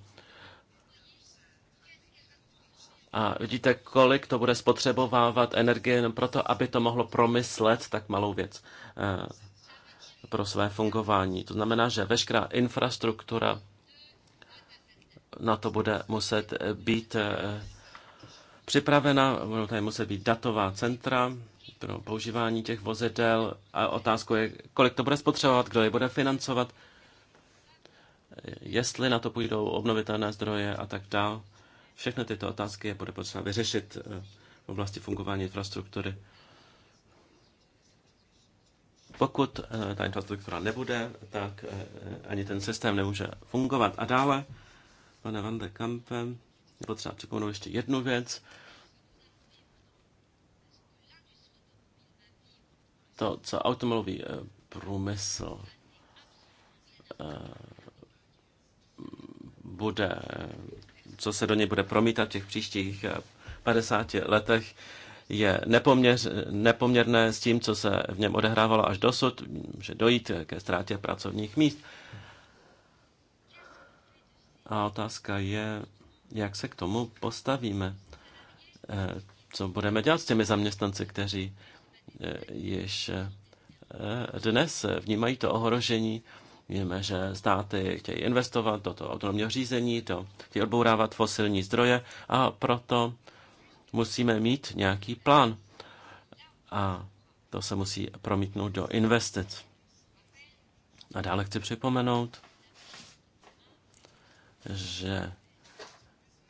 A vidíte, kolik to bude spotřebovávat energie jenom proto, aby to mohlo promyslet tak malou věc eh, pro své fungování. To znamená, že veškerá infrastruktura na to bude muset být připravena, budou tady muset být datová centra pro používání těch vozidel a otázkou je, kolik to bude spotřebovat, kdo je bude financovat, jestli na to půjdou obnovitelné zdroje a tak dál. Všechny tyto otázky je bude potřeba vyřešit eh, v oblasti fungování infrastruktury. Pokud eh, ta infrastruktura nebude, tak eh, ani ten systém nemůže fungovat. A dále, pane Van de je potřeba připomenout ještě jednu věc. To, co automobilový eh, průmysl eh, bude, co se do něj bude promítat v těch příštích 50 eh, letech, je nepoměř, nepoměrné s tím, co se v něm odehrávalo až dosud, že dojít ke ztrátě pracovních míst. A otázka je, jak se k tomu postavíme. Eh, co budeme dělat s těmi zaměstnanci, kteří eh, již eh, dnes vnímají to ohrožení. Víme, že státy chtějí investovat do toho autonomního řízení, to chtějí odbourávat fosilní zdroje a proto musíme mít nějaký plán. A to se musí promítnout do investic. A dále chci připomenout, že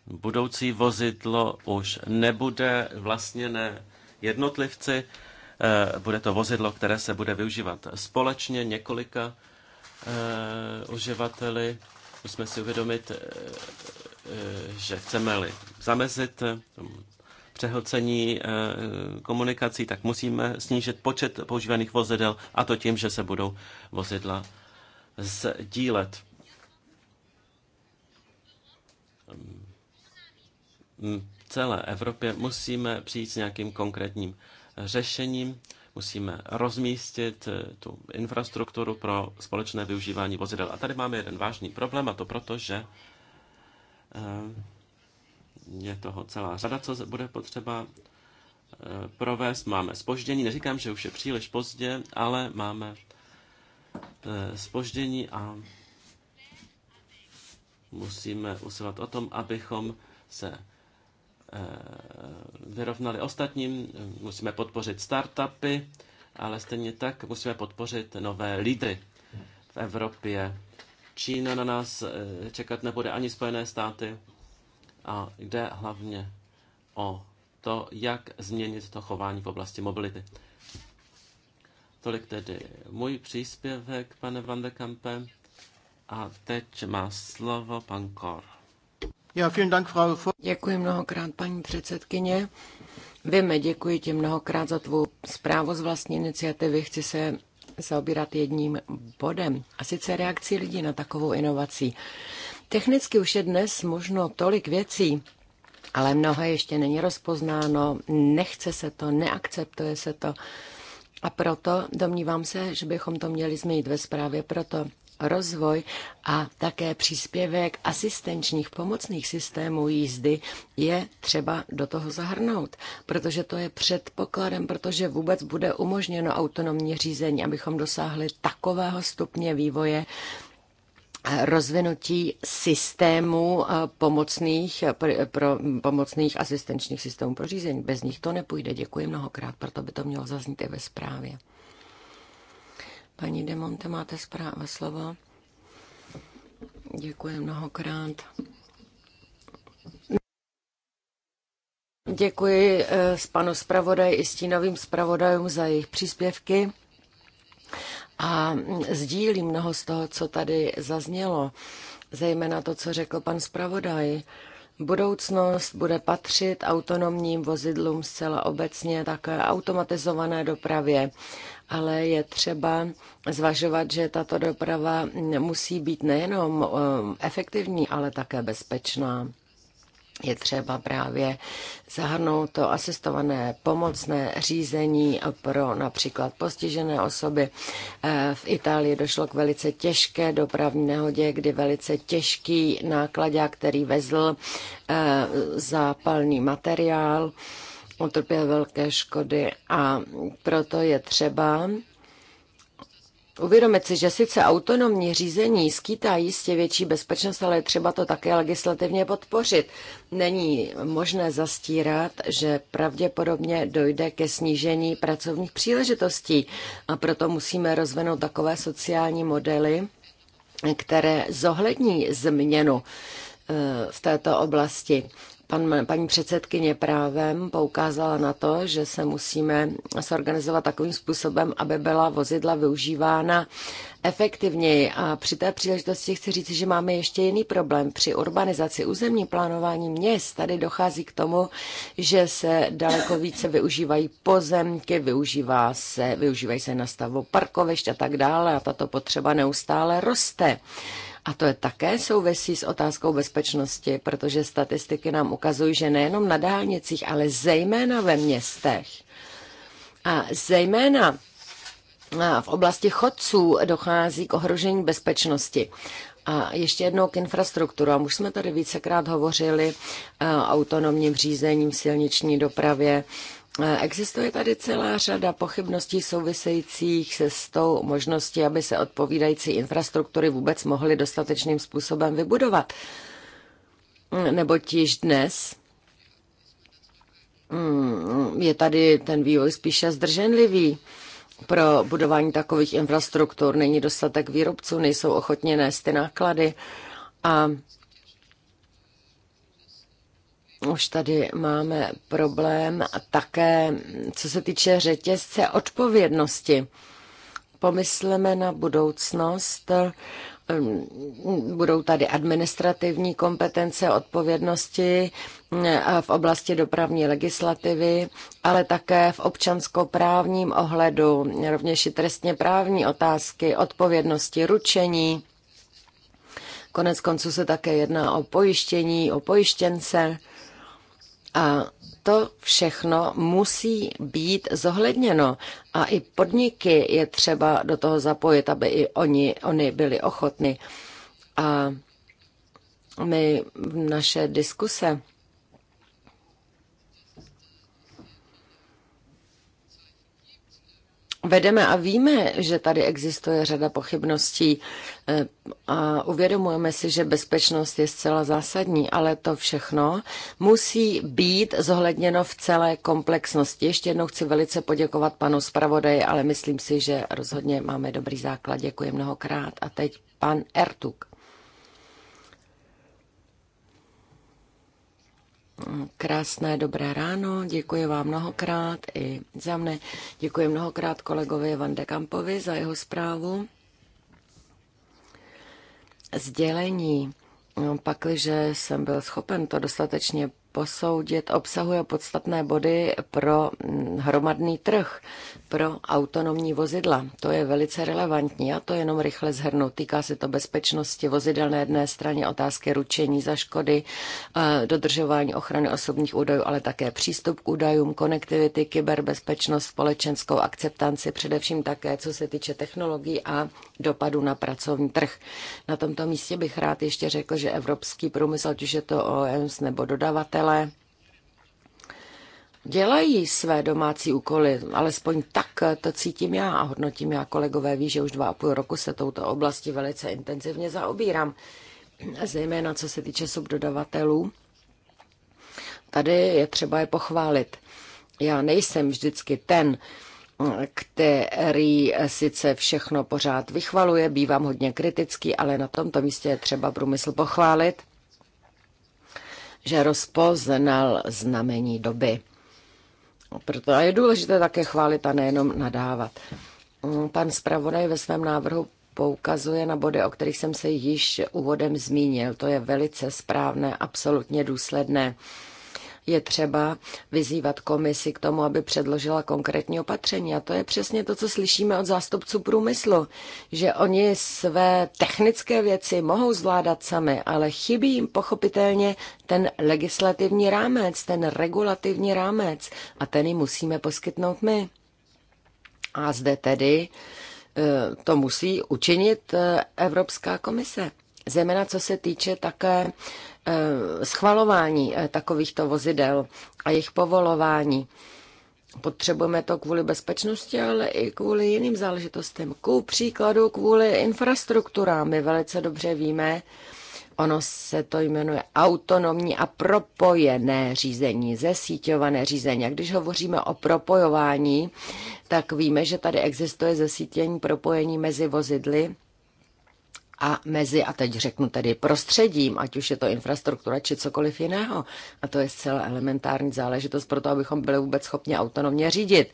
budoucí vozidlo už nebude vlastněné jednotlivci, eh, bude to vozidlo, které se bude využívat společně několika eh, uživateli. Musíme si uvědomit, eh, že chceme-li zamezit přehlcení komunikací, tak musíme snížit počet používaných vozidel a to tím, že se budou vozidla sdílet celé Evropě musíme přijít s nějakým konkrétním řešením, musíme rozmístit eh, tu infrastrukturu pro společné využívání vozidel. A tady máme jeden vážný problém, a to proto, že eh, je toho celá řada, co bude potřeba eh, provést. Máme spoždění, neříkám, že už je příliš pozdě, ale máme spoždění a musíme usilovat o tom, abychom se Eh, vyrovnali ostatním. Musíme podpořit startupy, ale stejně tak musíme podpořit nové lídry v Evropě. Čína na nás eh, čekat nebude ani Spojené státy. A jde hlavně o to, jak změnit to chování v oblasti mobility. Tolik tedy můj příspěvek, pane Van de Kampe. A teď má slovo pan Kor. Děkuji mnohokrát, paní předsedkyně. Víme, děkuji ti mnohokrát za tvou zprávu z vlastní iniciativy. Chci se zaobírat jedním bodem, a sice reakcí lidí na takovou inovací. Technicky už je dnes možno tolik věcí, ale mnoho ještě není rozpoznáno, nechce se to, neakceptuje se to. A proto domnívám se, že bychom to měli změnit ve zprávě. Proto rozvoj a také příspěvek asistenčních pomocných systémů jízdy je třeba do toho zahrnout, protože to je předpokladem, protože vůbec bude umožněno autonomní řízení, abychom dosáhli takového stupně vývoje, rozvinutí systému pomocných, pro, pomocných asistenčních systémů pro řízení. Bez nich to nepůjde. Děkuji mnohokrát, proto by to mělo zaznít i ve zprávě. Paní Demonte, máte zpráva slovo. Děkuji mnohokrát. Děkuji eh, s panu zpravodaj i stínovým zpravodajům za jejich příspěvky a sdílím mnoho z toho, co tady zaznělo, zejména to, co řekl pan zpravodaj. Budoucnost bude patřit autonomním vozidlům zcela obecně, také automatizované dopravě ale je třeba zvažovat, že tato doprava musí být nejenom um, efektivní, ale také bezpečná. Je třeba právě zahrnout to asistované pomocné řízení pro například postižené osoby. Eh, v Itálii došlo k velice těžké dopravní nehodě, kdy velice těžký náklad, který vezl eh, zápalný materiál, utrpěl velké škody a proto je třeba Uvědomit si, že sice autonomní řízení skýtá jistě větší bezpečnost, ale je třeba to také legislativně podpořit. Není možné zastírat, že pravděpodobně dojde ke snížení pracovních příležitostí a proto musíme rozvinout takové sociální modely, které zohlední změnu eh, v této oblasti. Pan, paní předsedkyně právem poukázala na to, že se musíme zorganizovat takovým způsobem, aby byla vozidla využívána efektivněji. A při té příležitosti chci říct, že máme ještě jiný problém. Při urbanizaci územní plánování měst tady dochází k tomu, že se daleko více využívají pozemky, využívá se, využívají se na stavu parkovišť a tak dále a tato potřeba neustále roste. A to je také souvisí s otázkou bezpečnosti, protože statistiky nám ukazují, že nejenom na dálnicích, ale zejména ve městech a zejména v oblasti chodců dochází k ohrožení bezpečnosti. A ještě jednou k A Už jsme tady vícekrát hovořili o eh, autonomním řízení v silniční dopravě Existuje tady celá řada pochybností souvisejících se s tou možností, aby se odpovídající infrastruktury vůbec mohly dostatečným způsobem vybudovat. Nebo již dnes mm, je tady ten vývoj spíše zdrženlivý pro budování takových infrastruktur. Není dostatek výrobců, nejsou ochotně nést ty náklady a už tady máme problém a také, co se týče řetězce odpovědnosti. Pomysleme na budoucnost. Budou tady administrativní kompetence, odpovědnosti eh, v oblasti dopravní legislativy, ale také v občanskoprávním ohledu, rovněž i trestně právní otázky, odpovědnosti, ručení. Konec konců se také jedná o pojištění, o pojištěnce a to všechno musí být zohledněno. A i podniky je třeba do toho zapojit, aby i oni, oni byli ochotni. A my v naše diskuse vedeme a víme, že tady existuje řada pochybností eh, a uvědomujeme si, že bezpečnost je zcela zásadní, ale to všechno musí být zohledněno v celé komplexnosti. Ještě jednou chci velice poděkovat panu zpravodaji, ale myslím si, že rozhodně máme dobrý základ. Děkuji mnohokrát. A teď pan Ertuk. Krásné dobré ráno, děkuji vám mnohokrát i za mne. Děkuji mnohokrát kolegovi Van de Kampovi za jeho zprávu. Sdělení, no, pakliže jsem byl schopen to dostatečně posoudit, obsahuje podstatné body pro mm, hromadný trh, pro autonomní vozidla. To je velice relevantní a to jenom rychle zhrnu. Týká se to bezpečnosti vozidel na jedné straně, otázky ručení za škody, eh, dodržování ochrany osobních údajů, ale také přístup k údajům, konektivity, kyberbezpečnost, společenskou akceptanci, především také co se týče technologií a dopadu na pracovní trh. Na tomto místě bych rád ještě řekl, že evropský průmysl, ať už je to OEMs nebo dodavatele, dělají své domácí úkoly, alespoň tak to cítím já a hodnotím já. Kolegové ví, že už dva a půl roku se touto oblasti velice intenzivně zaobírám, zejména co se týče subdodavatelů. Tady je třeba je pochválit. Já nejsem vždycky ten, který sice všechno pořád vychvaluje, bývám hodně kritický, ale na tomto místě je třeba průmysl pochválit, že rozpoznal znamení doby. Proto je důležité také chválit a nejenom nadávat. Pan zpravodaj ve svém návrhu poukazuje na body, o kterých jsem se již úvodem zmínil. To je velice správné, absolutně důsledné je třeba vyzývat komisi k tomu, aby předložila konkrétní opatření. A to je přesně to, co slyšíme od zástupců průmyslu, že oni své technické věci mohou zvládat sami, ale chybí jim pochopitelně ten legislativní rámec, ten regulativní rámec a ten jim musíme poskytnout my. A zde tedy eh, to musí učinit eh, Evropská komise. Zejména co se týče také Eh, schvalování eh, takovýchto vozidel a jejich povolování. Potřebujeme to kvůli bezpečnosti, ale i kvůli jiným záležitostem. Ku příkladu kvůli infrastrukturám. My velice dobře víme, ono se to jmenuje autonomní a propojené řízení, zesíťované řízení. A když hovoříme o propojování, tak víme, že tady existuje zesítění propojení mezi vozidly a mezi, a teď řeknu tedy prostředím, ať už je to infrastruktura či cokoliv jiného. A to je zcela elementární záležitost pro to, abychom byli vůbec schopni autonomně řídit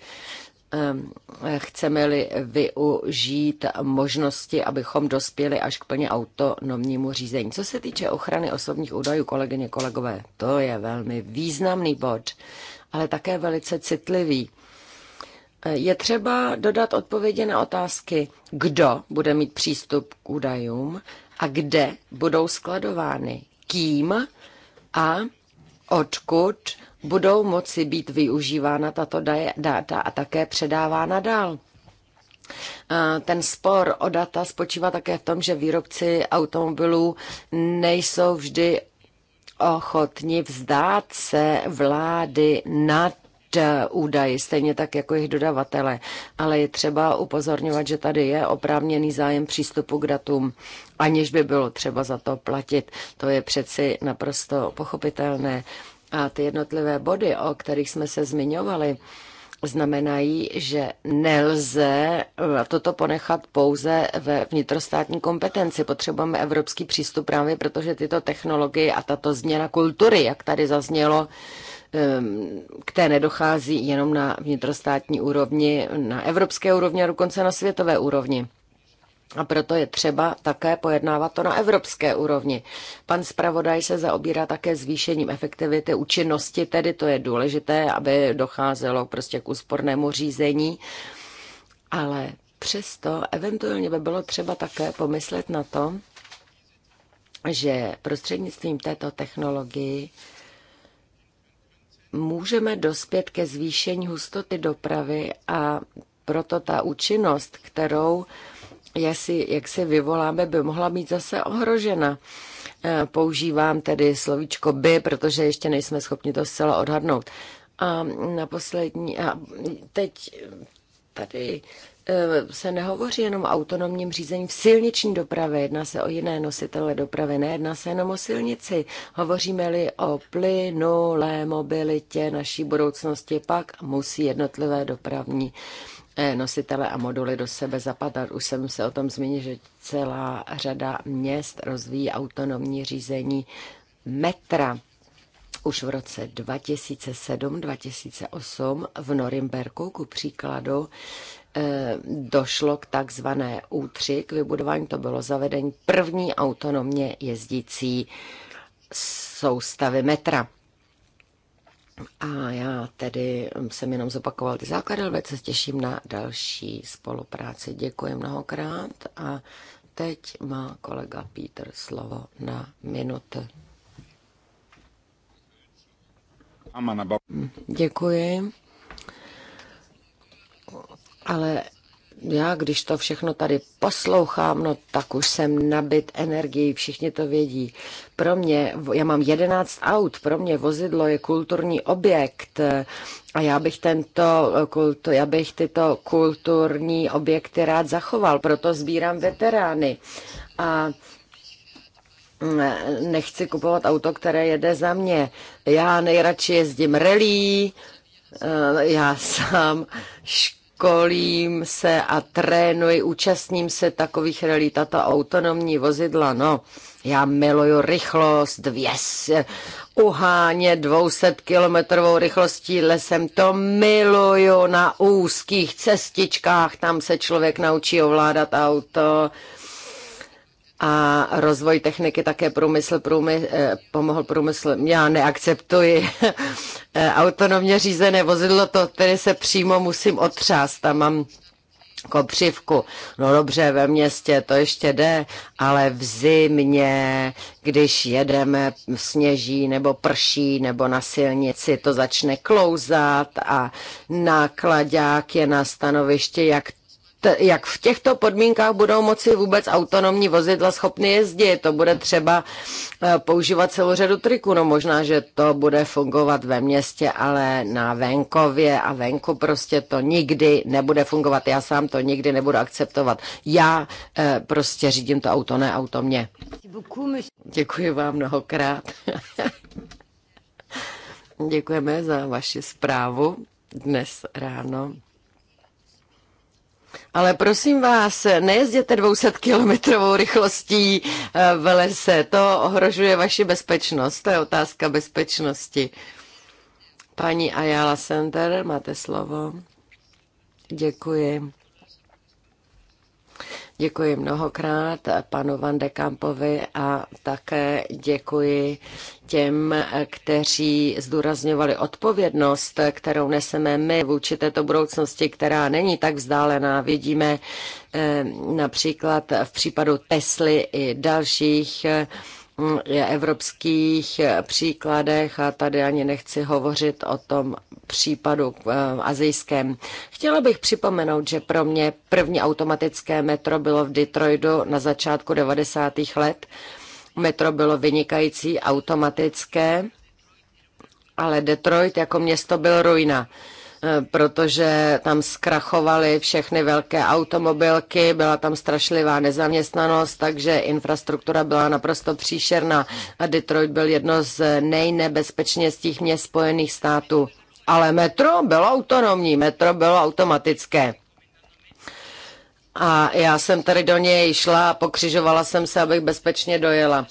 ehm, chceme-li využít možnosti, abychom dospěli až k plně autonomnímu řízení. Co se týče ochrany osobních údajů, kolegyně, kolegové, to je velmi významný bod, ale také velice citlivý. Je třeba dodat odpovědi na otázky, kdo bude mít přístup k údajům a kde budou skladovány, kým a odkud budou moci být využívána tato data a také předávána dál. Eh, ten spor o data spočívá také v tom, že výrobci automobilů nejsou vždy ochotni vzdát se vlády nad údaji, stejně tak jako jejich dodavatele. Ale je třeba upozorňovat, že tady je oprávněný zájem přístupu k datům, aniž by bylo třeba za to platit. To je přeci naprosto pochopitelné. A ty jednotlivé body, o kterých jsme se zmiňovali, znamenají, že nelze e, toto ponechat pouze ve vnitrostátní kompetenci. Potřebujeme evropský přístup právě, protože tyto technologie a tato změna kultury, jak tady zaznělo, k té nedochází jenom na vnitrostátní úrovni, na evropské úrovni a dokonce na světové úrovni. A proto je třeba také pojednávat to na evropské úrovni. Pan zpravodaj se zaobírá také zvýšením efektivity účinnosti, tedy to je důležité, aby docházelo prostě k úspornému řízení. Ale přesto eventuálně by bylo třeba také pomyslet na to, že prostřednictvím této technologii můžeme dospět ke zvýšení hustoty dopravy a proto ta účinnost, kterou jestli, jak si vyvoláme, by mohla být zase ohrožena. E, používám tedy slovíčko by, protože ještě nejsme schopni to zcela odhadnout. A na poslední, a teď tady Eh, se nehovoří jenom o autonomním řízení v silniční dopravě, jedná se o jiné nositele dopravy, nejedná se jenom o silnici. Hovoříme-li o plynulé mobilitě naší budoucnosti, pak musí jednotlivé dopravní eh, nositele a moduly do sebe zapadat. Už jsem se o tom zmínil, že celá řada měst rozvíjí autonomní řízení metra. Už v roce 2007-2008 v Norimberku, ku příkladu, Eh, došlo k takzvané U3, k vybudování to bylo zavedení první autonomně jezdící soustavy metra. A já tedy jsem jenom zopakoval ty základy, ale se těším na další spolupráci. Děkuji mnohokrát a teď má kolega Peter slovo na minutu. Děkuji. Ale já, když to všechno tady poslouchám, no tak už jsem nabit energii, všichni to vědí. Pro mě, já mám 11 aut, pro mě vozidlo je kulturní objekt a já bych tento kultu, já bych tyto kulturní objekty rád zachoval, proto sbírám veterány. A nechci kupovat auto, které jede za mě. Já nejradši jezdím relí, já sám šk- školím se a trénuji, účastním se takových relí, tato autonomní vozidla, no, já miluju rychlost, věs, uháně 200 kilometrovou rychlostí lesem, to miluju na úzkých cestičkách, tam se člověk naučí ovládat auto, a rozvoj techniky také průmysl, průmysl eh, pomohl průmysl. Já neakceptuji eh, autonomně řízené vozidlo, to tedy se přímo musím otřást a mám kopřivku. No dobře, ve městě to ještě jde, ale v zimě, když jedeme sněží nebo prší nebo na silnici, to začne klouzat a nákladák je na stanovišti, jak jak v těchto podmínkách budou moci vůbec autonomní vozidla schopny jezdit. To bude třeba e, používat celou řadu triků. No možná, že to bude fungovat ve městě, ale na venkově a venku prostě to nikdy nebude fungovat. Já sám to nikdy nebudu akceptovat. Já e, prostě řídím to auto, ne auto mě. Děkuji vám mnohokrát. Děkujeme za vaši zprávu dnes ráno. Ale prosím vás, nejezděte 200 kilometrovou rychlostí eh, v lese. To ohrožuje vaši bezpečnost. To je otázka bezpečnosti. Paní Ayala Center, máte slovo. Děkuji. Děkuji mnohokrát panu Van de Kampovi a také děkuji těm, kteří zdůrazňovali odpovědnost, kterou neseme my vůči této budoucnosti, která není tak vzdálená. Vidíme eh, například v případu Tesly i dalších evropských příkladech a tady ani nechci hovořit o tom případu eh, azijském. Chtěla bych připomenout, že pro mě první automatické metro bylo v Detroitu na začátku 90. let. Metro bylo vynikající, automatické, ale Detroit jako město byl ruina. Eh, protože tam zkrachovaly všechny velké automobilky, byla tam strašlivá nezaměstnanost, takže infrastruktura byla naprosto příšerná a Detroit byl jedno z nejnebezpečnějších měst Spojených států. Ale metro bylo autonomní, metro bylo automatické. A já jsem tady do něj šla a pokřižovala jsem se, abych bezpečně dojela.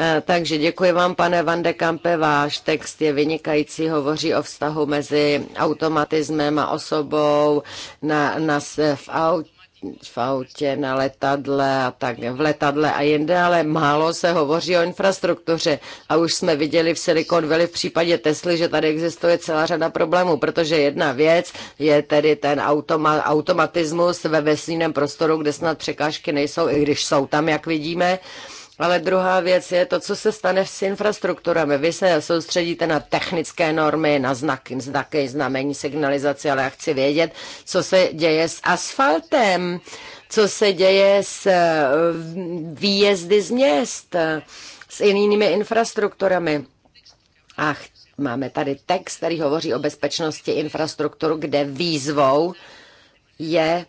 Eh, takže děkuji vám, pane Van de Kampe, váš text je vynikající, hovoří o vztahu mezi automatismem a osobou na, na, v autě v autě, na letadle a tak, v letadle a jinde, ale málo se hovoří o infrastruktuře. A už jsme viděli v Silicon Valley v případě Tesly, že tady existuje celá řada problémů, protože jedna věc je tedy ten automa- automatismus ve vesmírném prostoru, kde snad překážky nejsou, i když jsou tam, jak vidíme. Ale druhá věc je to, co se stane s infrastrukturami. Vy se soustředíte na technické normy, na znaky, znaky znamení, signalizaci, ale já chci vědět, co se děje s asfaltem, co se děje s eh, výjezdy z měst, s jinými infrastrukturami. Ach, máme tady text, který hovoří o bezpečnosti infrastruktur, kde výzvou je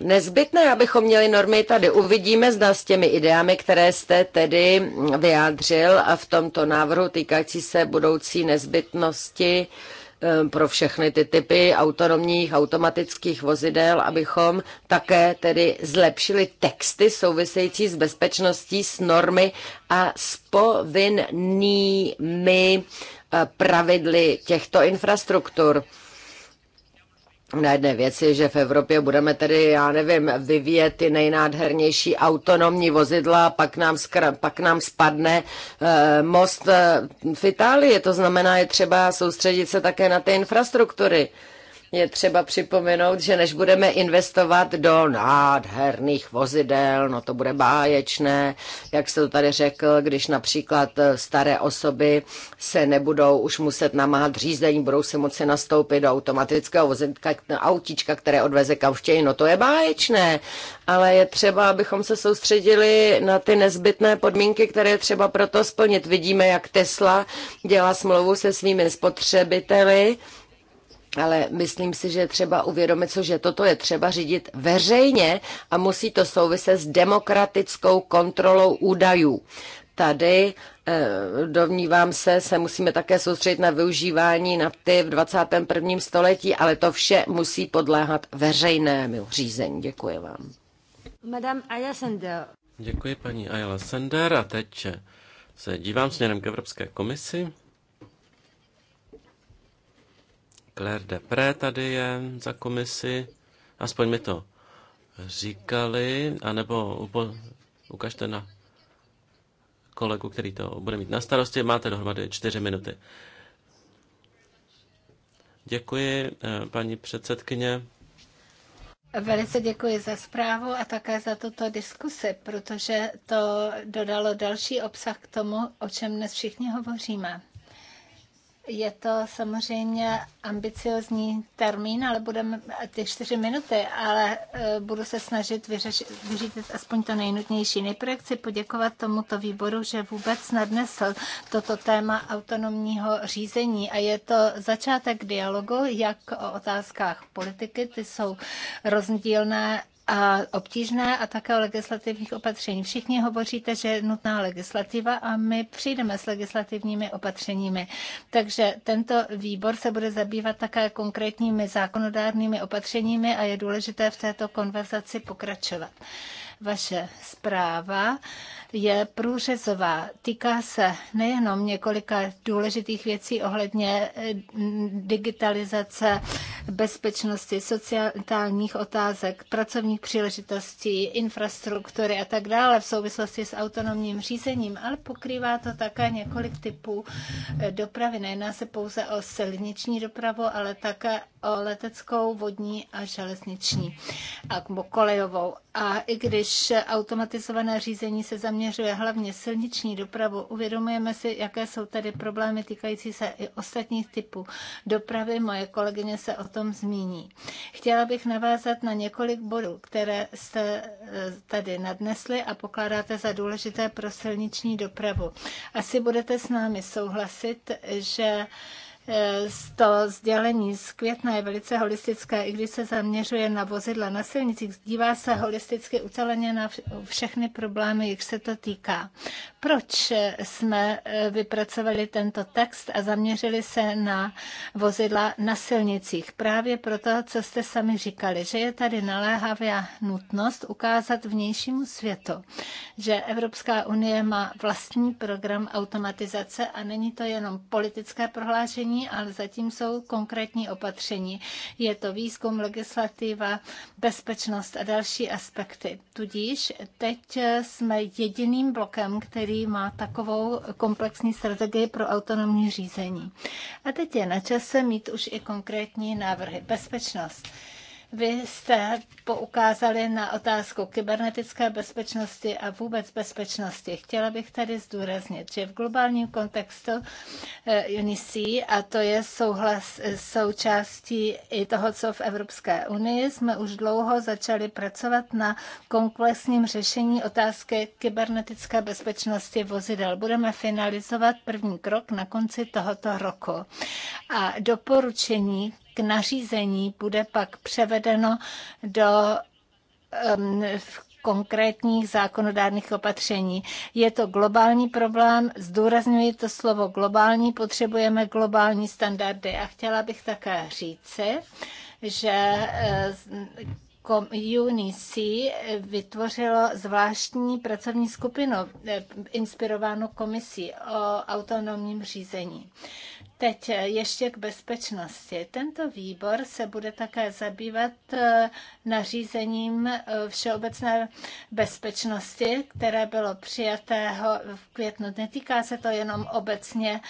nezbytné, abychom měli normy tady. Uvidíme, zda s těmi ideami, které jste tedy vyjádřil a v tomto návrhu týkající se budoucí nezbytnosti eh, pro všechny ty typy autonomních automatických vozidel, abychom také tedy zlepšili texty související s bezpečností, s normy a s povinnými eh, pravidly těchto infrastruktur na jedné věci, že v Evropě budeme tedy, já nevím, vyvíjet ty nejnádhernější autonomní vozidla, pak nám, skr- pak nám spadne eh, most eh, v Itálii. To znamená, je třeba soustředit se také na ty infrastruktury. Eh, je třeba připomenout, že než budeme investovat do nádherných vozidel, no to bude báječné, jak se to tady řekl, když například eh, staré osoby se nebudou už muset namáhat řízení, budou se moci nastoupit do automatického vozidka, autíčka, které odveze kam no to je báječné, ale je třeba, abychom se soustředili na ty nezbytné podmínky, které je třeba proto splnit. Vidíme, jak Tesla dělá smlouvu se svými spotřebiteli, ale myslím si, že je třeba uvědomit, co, že toto je třeba řídit veřejně a musí to souviset s demokratickou kontrolou údajů. Tady eh, Dovnívám se, se musíme také soustředit na využívání nafty v 21. století, ale to vše musí podléhat veřejnému řízení. Děkuji vám. Madame Ayasender. Děkuji paní Ayala Sender a teď se dívám směrem k Evropské komisi. Claire Depré tady je za komisi, aspoň mi to říkali, anebo upo- ukažte na kolegu, který to bude mít na starosti. Máte dohromady čtyři minuty. Děkuji, eh, paní předsedkyně. Velice děkuji za zprávu a také za tuto diskusi, protože to dodalo další obsah k tomu, o čem dnes všichni hovoříme je to samozřejmě ambiciozní termín, ale budeme ty čtyři minuty, ale e, budu se snažit vyřešit, aspoň to nejnutnější. Nejprve chci poděkovat tomuto výboru, že vůbec nadnesl toto téma autonomního řízení a je to začátek dialogu, jak o otázkách politiky, ty jsou rozdílné a obtížné a také o legislativních opatření. Všichni hovoříte, že je nutná legislativa a my přijdeme s legislativními opatřeními. Takže tento výbor se bude zabývat také konkrétními zákonodárnými opatřeními a je důležité v této konverzaci pokračovat. Vaše zpráva je průřezová. Týká se nejenom několika důležitých věcí ohledně eh, digitalizace, bezpečnosti, sociálních otázek, pracovních příležitostí, infrastruktury a tak dále v souvislosti s autonomním řízením, ale pokrývá to také několik typů eh, dopravy. Nejedná se pouze o silniční dopravu, ale také leteckou, vodní a železniční a kolejovou. A i když automatizované řízení se zaměřuje hlavně silniční dopravu, uvědomujeme si, jaké jsou tady problémy týkající se i ostatních typů dopravy. Moje kolegyně se o tom zmíní. Chtěla bych navázat na několik bodů, které jste e, tady nadnesli a pokládáte za důležité pro silniční dopravu. Asi budete s námi souhlasit, že to sdělení z května je velice holistické, i když se zaměřuje na vozidla na silnicích, dívá se holisticky uceleně na všechny problémy, jak se to týká proč jsme eh, vypracovali tento text a zaměřili se na vozidla na silnicích. Právě proto, co jste sami říkali, že je tady naléhavá nutnost ukázat vnějšímu světu, že Evropská unie má vlastní program automatizace a není to jenom politické prohlášení, ale zatím jsou konkrétní opatření. Je to výzkum, legislativa, bezpečnost a další aspekty. Tudíž teď eh, jsme jediným blokem, který který má takovou komplexní strategii pro autonomní řízení. A teď je na čase mít už i konkrétní návrhy. Bezpečnost vy jste poukázali na otázku kybernetické bezpečnosti a vůbec bezpečnosti. Chtěla bych tady zdůraznit, že v globálním kontextu eh, UNICE, a to je souhlas, eh, součástí i toho, co v Evropské unii, jsme už dlouho začali pracovat na komplexním řešení otázky kybernetické bezpečnosti vozidel. Budeme finalizovat první krok na konci tohoto roku. A doporučení k nařízení bude pak převedeno do um, konkrétních zákonodárných opatření. Je to globální problém, zdůrazňuji to slovo globální, potřebujeme globální standardy. A chtěla bych také říci, že e, UNIC vytvořilo zvláštní pracovní skupinu e, inspirováno komisí o autonomním řízení. Teď ještě k bezpečnosti. Tento výbor se bude také zabývat eh, nařízením eh, všeobecné bezpečnosti, které bylo přijatého v květnu. Netýká se to jenom obecně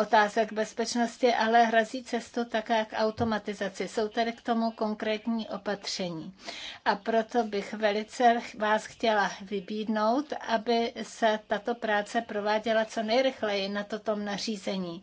otázek bezpečnosti, ale hrazí cestu také k automatizaci. Jsou tady k tomu konkrétní opatření. A proto bych velice vás chtěla vybídnout, aby se tato práce prováděla co nejrychleji na toto nařízení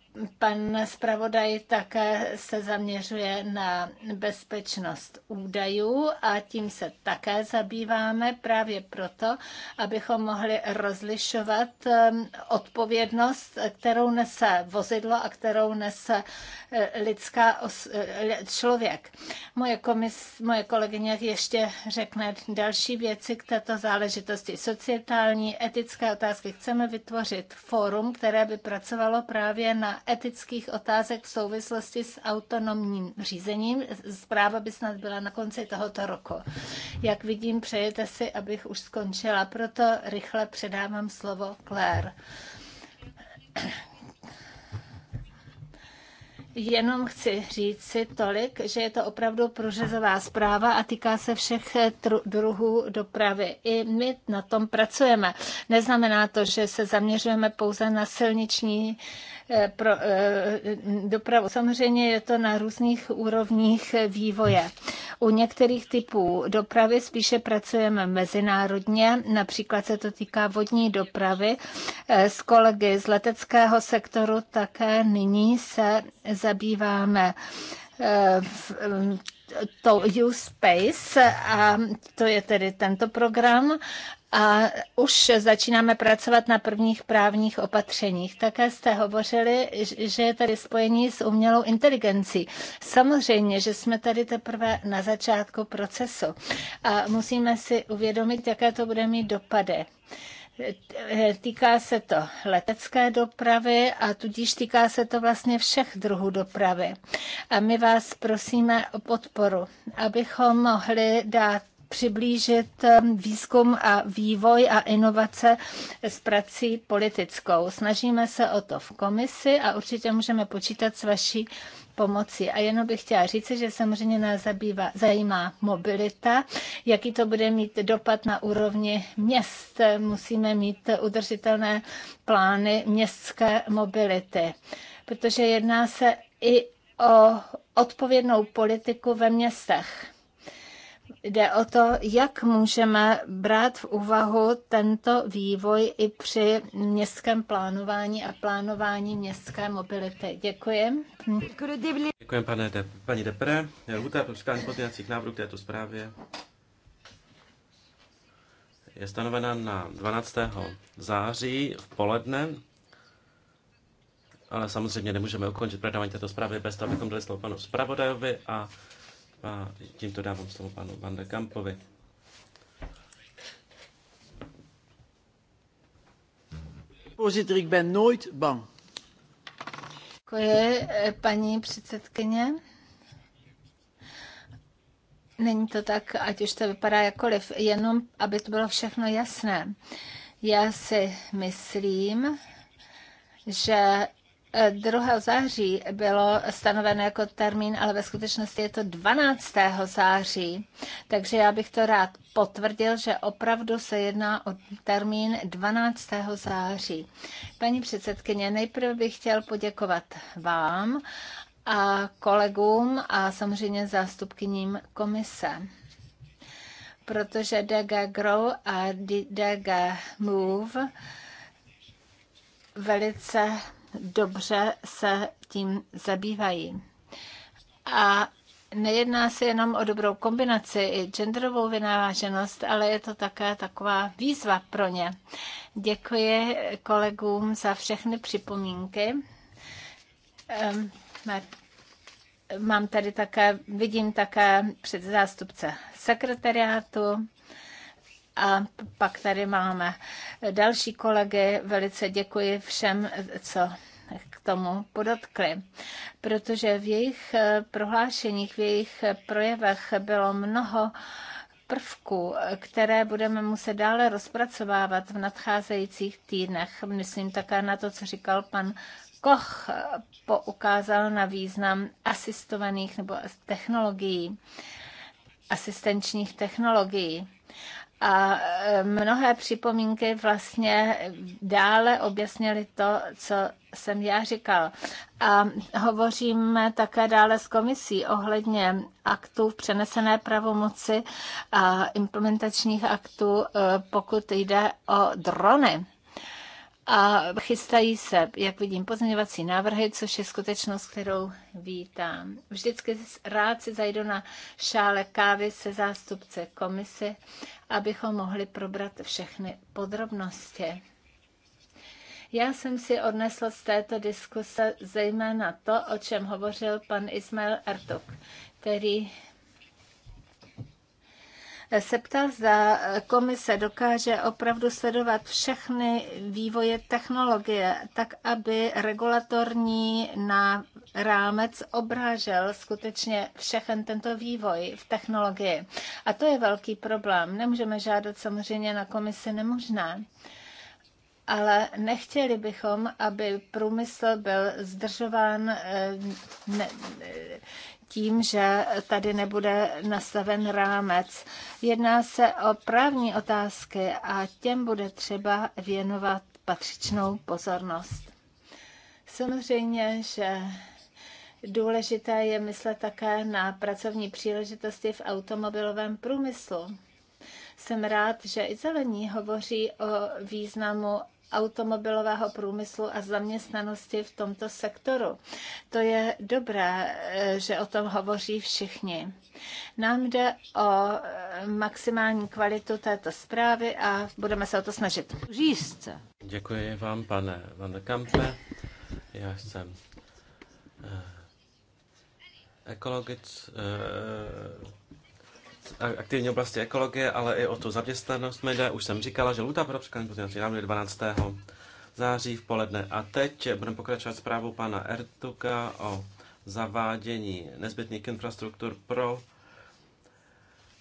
Pan zpravodaj také se zaměřuje na bezpečnost údajů a tím se také zabýváme právě proto, abychom mohli rozlišovat um, odpovědnost, kterou nese vozidlo a kterou nese eh, lidská os, eh, člověk. Moje, komis, moje kolegyně ještě řekne další věci k této záležitosti. Sociální, etické otázky. Chceme vytvořit fórum, které by pracovalo právě na etických otázek v souvislosti s autonomním řízením. Zpráva by snad byla na konci tohoto roku. Jak vidím, přejete si, abych už skončila, proto rychle předávám slovo Claire. Jenom chci říct si tolik, že je to opravdu průřezová zpráva a týká se všech druhů dopravy. I my na tom pracujeme. Neznamená to, že se zaměřujeme pouze na silniční Eh, pro eh, dopravu. Samozřejmě je to na různých úrovních vývoje. U některých typů dopravy spíše pracujeme mezinárodně, například se to týká vodní dopravy. Eh, s kolegy z leteckého sektoru také nyní se zabýváme v, to U-Space a to je tedy tento program a už začínáme pracovat na prvních právních opatřeních. Také jste hovořili, že je tady spojení s umělou inteligencí. Samozřejmě, že jsme tady teprve na začátku procesu a musíme si uvědomit, jaké to bude mít dopady. Týká se to letecké dopravy a tudíž týká se to vlastně všech druhů dopravy. A my vás prosíme o podporu, abychom mohli dát přiblížit um, výzkum a vývoj a inovace s prací politickou. Snažíme se o to v komisi a určitě můžeme počítat s vaší pomoci. A jenom bych chtěla říct, že samozřejmě nás zabývá, zajímá mobilita, jaký to bude mít dopad na úrovni měst. Musíme mít udržitelné plány městské mobility, protože jedná se i o odpovědnou politiku ve městech jde o to, jak můžeme brát v úvahu tento vývoj i při městském plánování a plánování městské mobility. Děkuji. Děkuji, pane De, paní Depre. Lhuta pro předkládání pozměňovacích návrhů k této zprávě je stanovena na 12. září v poledne, ale samozřejmě nemůžeme ukončit projednávání této zprávy bez toho, abychom dali slovo panu zpravodajovi a a tímto dávám slovo panu Van de Kampovi. Voorzitter, ik ben nooit bang. Koje, eh, paní předsedkyně. Není to tak, ať už to vypadá jakoliv, jenom aby to bylo všechno jasné. Já si myslím, že 2. září bylo stanoveno jako termín, ale ve skutečnosti je to 12. září. Takže já bych to rád potvrdil, že opravdu se jedná o termín 12. září. Paní předsedkyně, nejprve bych chtěl poděkovat vám a kolegům a samozřejmě zástupkyním komise protože DG Grow a DG Move velice dobře se tím zabývají. A nejedná se jenom o dobrou kombinaci i genderovou vynávaženost, ale je to také taková výzva pro ně. Děkuji kolegům za všechny připomínky. Ehm, mám tady také, vidím také před zástupce sekretariátu a pak tady máme další kolegy. Velice děkuji všem, co k tomu podotkli, protože v jejich eh, prohlášeních, v jejich projevech bylo mnoho prvků, které budeme muset dále rozpracovávat v nadcházejících týdnech. Myslím také na to, co říkal pan Koch, poukázal na význam asistovaných nebo technologií, asistenčních technologií. A e, mnohé připomínky vlastně dále objasnily to, co jsem já říkal. A hovoříme také dále s komisí ohledně aktů v přenesené pravomoci a implementačních aktů, e, pokud jde o drony a chystají se, jak vidím, pozměňovací návrhy, což je skutečnost, kterou vítám. Vždycky rád si zajdu na šále kávy se zástupce komise, abychom mohli probrat všechny podrobnosti. Já jsem si odnesl z této diskuse zejména to, o čem hovořil pan Ismail Ertuk, který se ptal, zda komise dokáže opravdu sledovat všechny vývoje technologie, tak aby regulatorní na rámec obrážel skutečně všechen tento vývoj v technologii. A to je velký problém. Nemůžeme žádat samozřejmě na komisi nemožné ale nechtěli bychom, aby průmysl byl zdržován eh, tím, že tady nebude nastaven rámec. Jedná se o právní otázky a těm bude třeba věnovat patřičnou pozornost. Samozřejmě, že důležité je myslet také na pracovní příležitosti v automobilovém průmyslu. Jsem rád, že i zelení hovoří o významu automobilového průmyslu a zaměstnanosti v tomto sektoru. To je dobré, eh, že o tom hovoří všichni. Nám jde o eh, maximální kvalitu této zprávy a budeme se o to snažit. Říct. Děkuji vám, pane Van Kampe. Já jsem eh, ekologic, aktivní oblasti ekologie, ale i o tu zaměstnanost média. Už jsem říkala, že lůta pro předkládání nám návrhů 12. září v poledne. A teď budeme pokračovat zprávu pana Ertuka o zavádění nezbytných infrastruktur pro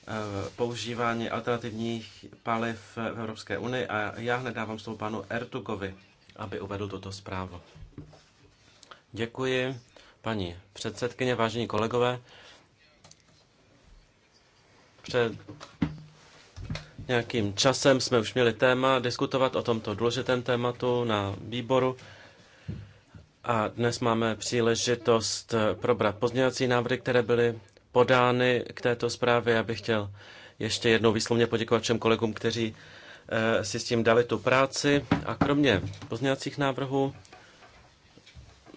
eh, používání alternativních paliv v Evropské unii a já hned dávám slovo panu Ertugovi, aby uvedl tuto zprávu. Děkuji, paní předsedkyně, vážení kolegové. Před nějakým časem jsme už měli téma diskutovat o tomto důležitém tématu na výboru. A dnes máme příležitost eh, probrat pozměňovací návrhy, které byly podány k této zprávě. Já bych chtěl ještě jednou výslovně poděkovat všem kolegům, kteří eh, si s tím dali tu práci. A kromě pozměňovacích návrhů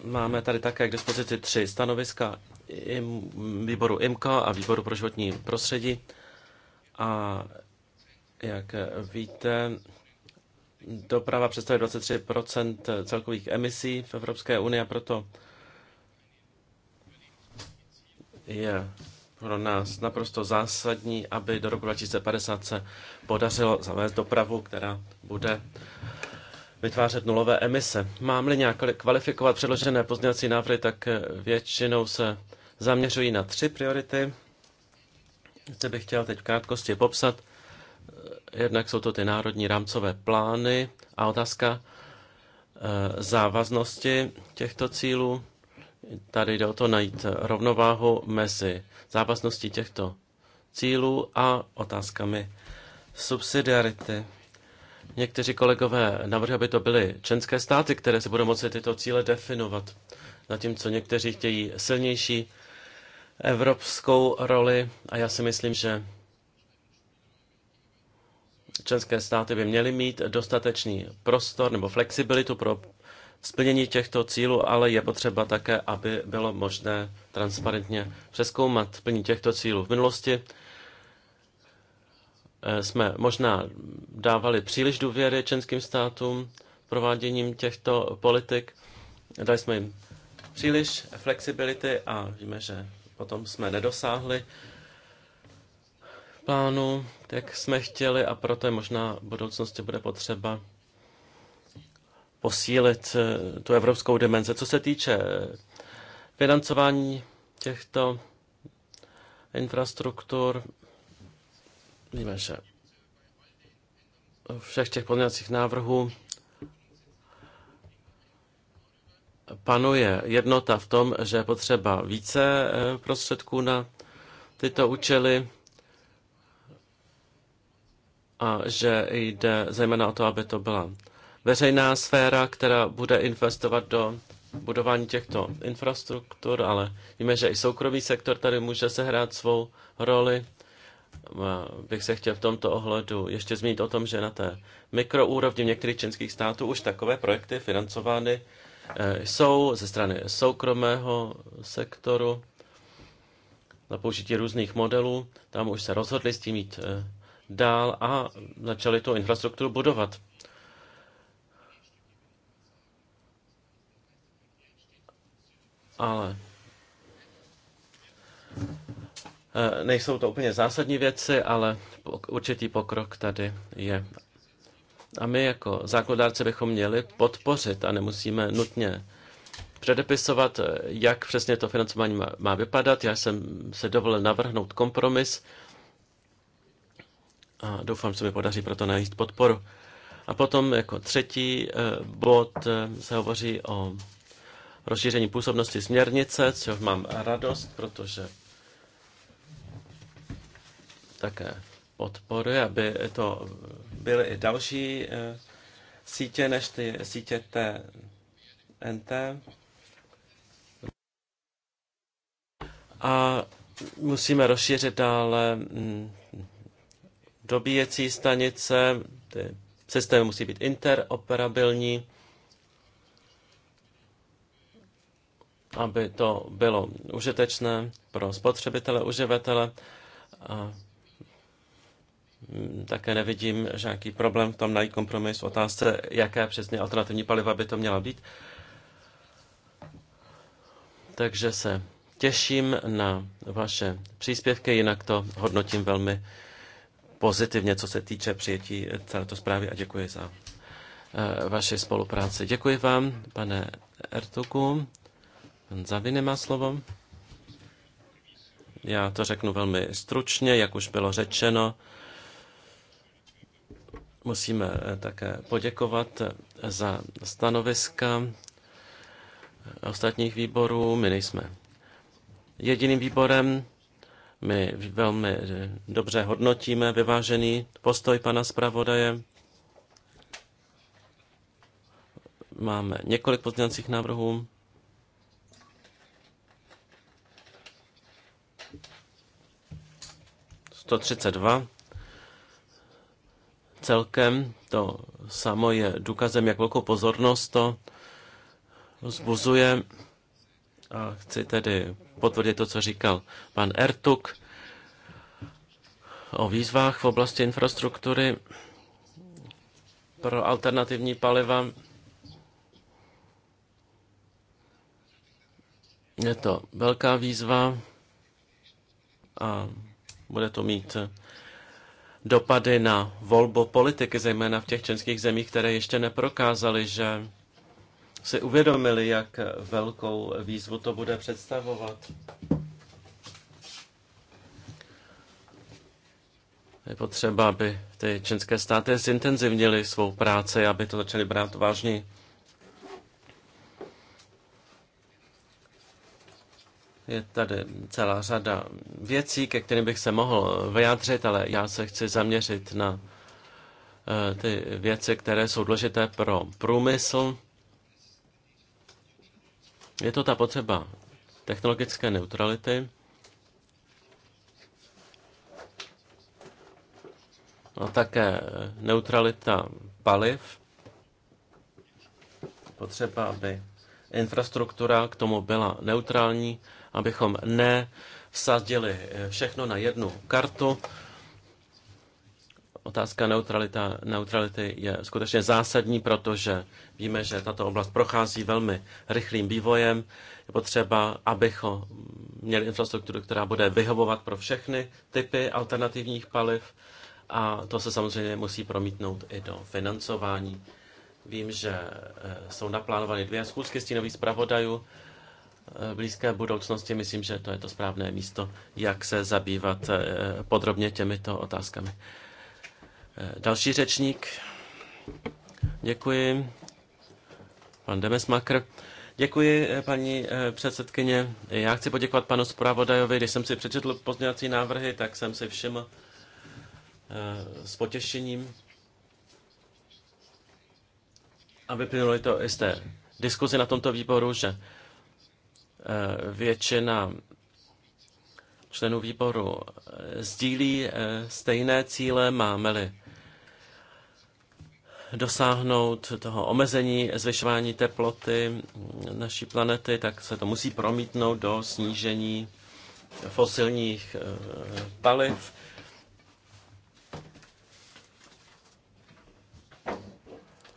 máme tady také k dispozici tři stanoviska výboru IMCO a výboru pro životní prostředí. A jak víte, doprava představuje 23 celkových emisí v Evropské unii a proto je pro nás naprosto zásadní, aby do roku 2050 se podařilo zavést dopravu, která bude vytvářet nulové emise. Mám-li nějak kvalifikovat předložené pozměňovací návrhy, tak většinou se zaměřují na tři priority. Zde bych chtěl teď v krátkosti popsat. Eh, jednak jsou to ty národní rámcové plány a otázka eh, závaznosti těchto cílů. Tady jde o to najít rovnováhu mezi závazností těchto cílů a otázkami subsidiarity. Někteří kolegové navrhli, aby to byly členské státy, které si budou moci tyto cíle definovat, zatímco někteří chtějí silnější evropskou roli a já si myslím, že členské státy by měly mít dostatečný prostor nebo flexibilitu pro splnění těchto cílů, ale je potřeba také, aby bylo možné transparentně přeskoumat splnění těchto cílů. V minulosti eh, jsme možná dávali příliš důvěry členským státům prováděním těchto politik. Dali jsme jim příliš flexibility a víme, že potom jsme nedosáhli plánu, jak jsme chtěli a proto možná v budoucnosti bude potřeba posílit eh, tu evropskou dimenze. Co se týče financování těchto infrastruktur, víme, že všech těch pozměňovacích návrhů panuje jednota v tom, že je potřeba více eh, prostředků na tyto účely a že jde zejména o to, aby to byla veřejná sféra, která bude investovat do budování těchto infrastruktur, ale víme, že i soukromý sektor tady může sehrát svou roli. Bych se chtěl v tomto ohledu ještě zmínit o tom, že na té mikroúrovni v některých členských států už takové projekty financovány Eh, jsou ze strany soukromého sektoru na použití různých modelů. Tam už se rozhodli s tím jít eh, dál a začali tu infrastrukturu budovat. Ale eh, nejsou to úplně zásadní věci, ale určitý pokrok tady je. A my jako zákonodárce bychom měli podpořit a nemusíme nutně předepisovat, jak přesně to financování má vypadat. Já jsem se dovolil navrhnout kompromis a doufám, se mi podaří proto najít podporu. A potom jako třetí eh, bod eh, se hovoří o rozšíření působnosti směrnice, což mám radost, protože také podporuje, aby to byly i další eh, sítě než ty sítě TNT. A musíme rozšířit dále mm, dobíjecí stanice, ty systémy musí být interoperabilní, aby to bylo užitečné pro spotřebitele, uživatele. A Mm, také nevidím žádný problém v tom najít kompromis v otázce, jaké přesně alternativní paliva by to měla být. Takže se těším na vaše příspěvky, jinak to hodnotím velmi pozitivně, co se týče přijetí této zprávy a děkuji za eh, vaši spolupráci. Děkuji vám, pane Ertuku. Pan Zaviny má slovo. Já to řeknu velmi stručně, jak už bylo řečeno. Musíme eh, také poděkovat eh, za stanoviska eh, ostatních výborů. My nejsme jediným výborem. My velmi dobře hodnotíme vyvážený postoj pana zpravodaje. Máme několik pozměňovacích návrhů. To 32 celkem to samo je důkazem, jak velkou pozornost to zbuzuje. A chci tedy potvrdit to, co říkal pan Ertuk o výzvách v oblasti infrastruktury pro alternativní paliva. Je to velká výzva a bude to mít dopady na volbu politiky, zejména v těch členských zemích, které ještě neprokázaly, že si uvědomili, jak velkou výzvu to bude představovat. Je potřeba, aby ty členské státy zintenzivnily svou práci, aby to začaly brát vážně. Je tady celá řada věcí, ke kterým bych se mohl vyjádřit, ale já se chci zaměřit na eh, ty věci, které jsou důležité pro průmysl. Je to ta potřeba technologické neutrality. A také eh, neutralita paliv. Potřeba, aby infrastruktura k tomu byla neutrální abychom vsadili eh, všechno na jednu kartu. Otázka neutralita, neutrality je skutečně zásadní, protože víme, že tato oblast prochází velmi rychlým vývojem. Je potřeba, abychom měli infrastrukturu, která bude vyhovovat pro všechny typy alternativních paliv a to se samozřejmě musí promítnout i do financování. Vím, že eh, jsou naplánovány dvě schůzky stínových zpravodajů Eh, blízké budoucnosti, myslím, že to je to správné místo, jak se zabývat eh, podrobně těmito otázkami. Eh, další řečník. Děkuji. Pan Demesmakr. Děkuji, paní předsedkyně. Já chci poděkovat panu zpravodajovi. Když jsem si přečetl pozměňovací návrhy, tak jsem si všiml s potěšením a vyplynulo to i z té diskuzi na tomto výboru, že Eh, většina členů výboru eh, sdílí eh, stejné cíle, máme-li dosáhnout toho omezení zvyšování teploty mm, naší planety, tak se to musí promítnout do snížení fosilních paliv.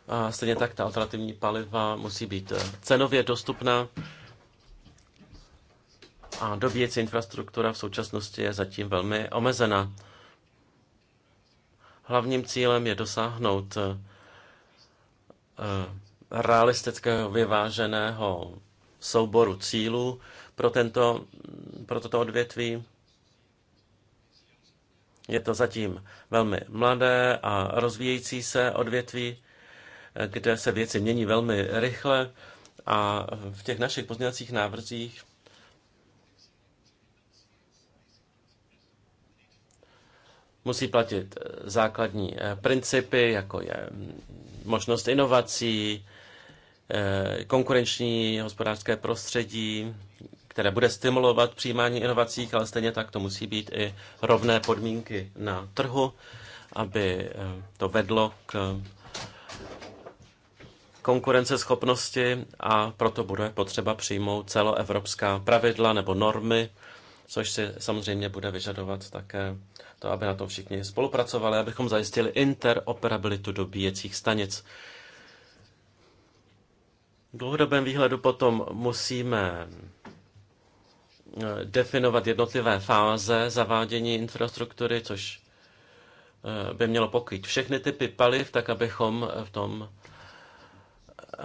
A stejně tak ta alternativní paliva musí být cenově dostupná a dobíjecí infrastruktura v současnosti je zatím velmi omezená. Hlavním cílem je dosáhnout eh, eh, realistického vyváženého souboru cílů pro, tento, pro toto odvětví. Je to zatím velmi mladé a rozvíjející se odvětví, eh, kde se věci mění velmi rychle a v těch našich pozměňovacích návrzích Musí platit eh, základní eh, principy, jako je mm, možnost inovací, eh, konkurenční hospodářské prostředí, které bude stimulovat přijímání inovacích, ale stejně tak to musí být i rovné podmínky na trhu, aby to vedlo k konkurenceschopnosti a proto bude potřeba přijmout celoevropská pravidla nebo normy, což si samozřejmě bude vyžadovat také to, aby na tom všichni spolupracovali, abychom zajistili interoperabilitu dobíjecích stanic. V dlouhodobém výhledu potom musíme eh, definovat jednotlivé fáze zavádění infrastruktury, což eh, by mělo pokrýt všechny typy paliv, tak abychom v tom eh,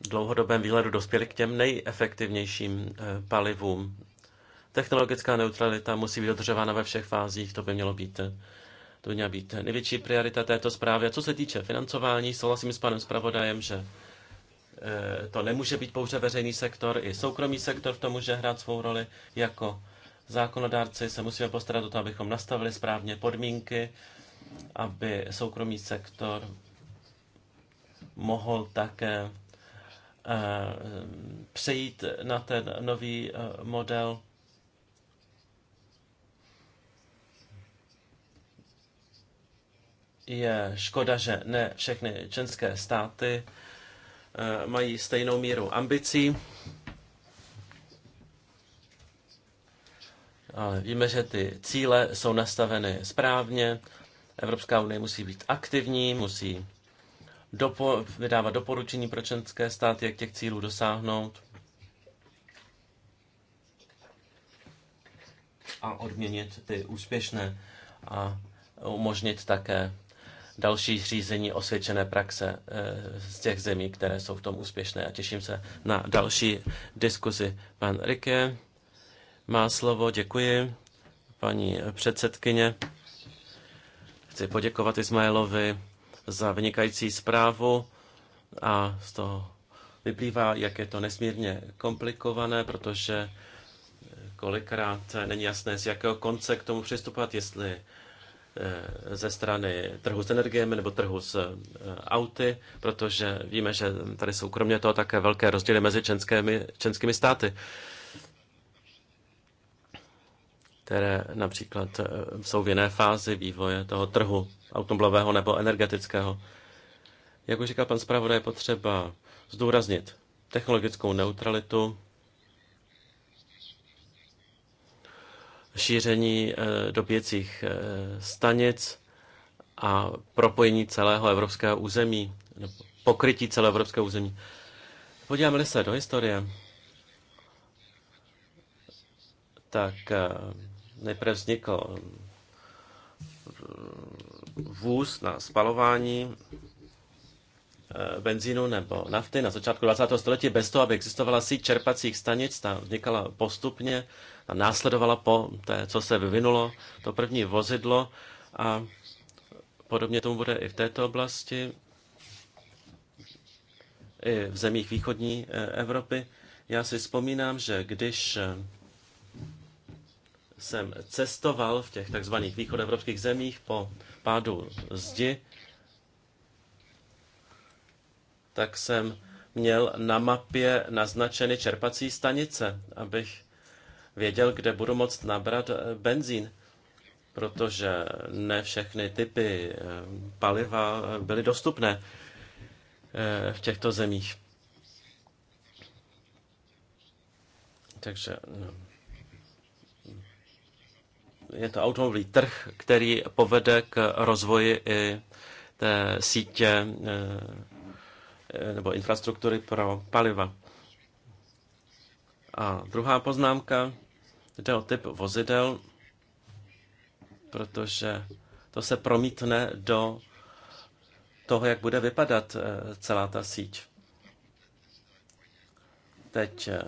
dlouhodobém výhledu dospěli k těm nejefektivnějším palivům Technologická neutralita musí být dodržována ve všech fázích, to by mělo být to by měla být největší priorita této zprávy. A co se týče financování, souhlasím s panem zpravodajem, že eh, to nemůže být pouze veřejný sektor, i soukromý sektor v tom může hrát svou roli. Jako zákonodárci se musíme postarat o to, abychom nastavili správně podmínky, aby soukromý sektor mohl také eh, přejít na ten nový eh, model Je škoda, že ne všechny členské státy eh, mají stejnou míru ambicí. Ale víme, že ty cíle jsou nastaveny správně. Evropská unie musí být aktivní, musí dopo- vydávat doporučení pro členské státy, jak těch cílů dosáhnout. A odměnit ty úspěšné a umožnit také další řízení osvědčené praxe eh, z těch zemí, které jsou v tom úspěšné. A těším se na další diskuzi. Pan Rike má slovo, děkuji. Paní předsedkyně, chci poděkovat Ismailovi za vynikající zprávu a z toho vyplývá, jak je to nesmírně komplikované, protože kolikrát není jasné, z jakého konce k tomu přistupovat, jestli Eh, ze strany trhu s energiemi nebo trhu s eh, auty, protože víme, že tady jsou kromě toho také velké rozdíly mezi členskými, členskými státy, které například eh, jsou v jiné fázi vývoje toho trhu automobilového nebo energetického. Jak už říkal pan zpravodaj, je potřeba zdůraznit technologickou neutralitu šíření eh, dobíjecích eh, stanic a propojení celého evropského území, pokrytí celého evropského území. Podíváme-li se do historie, tak eh, nejprve vznikl vůz na spalování Eh, benzínu nebo nafty na začátku 20. století bez toho, aby existovala síť čerpacích stanic, ta vznikala postupně a následovala po té, co se vyvinulo, to první vozidlo a podobně tomu bude i v této oblasti, i v zemích východní eh, Evropy. Já si vzpomínám, že když eh, jsem cestoval v těch takzvaných východoevropských zemích po pádu zdi, tak jsem měl na mapě naznačeny čerpací stanice, abych věděl, kde budu moct nabrat eh, benzín, protože ne všechny typy eh, paliva eh, byly dostupné v těchto zemích. Takže no. je to automobilový trh, který povede k rozvoji i té sítě Eh, nebo infrastruktury pro paliva. A druhá poznámka, jde o typ vozidel, protože to se promítne do toho, jak bude vypadat eh, celá ta síť. Teď eh,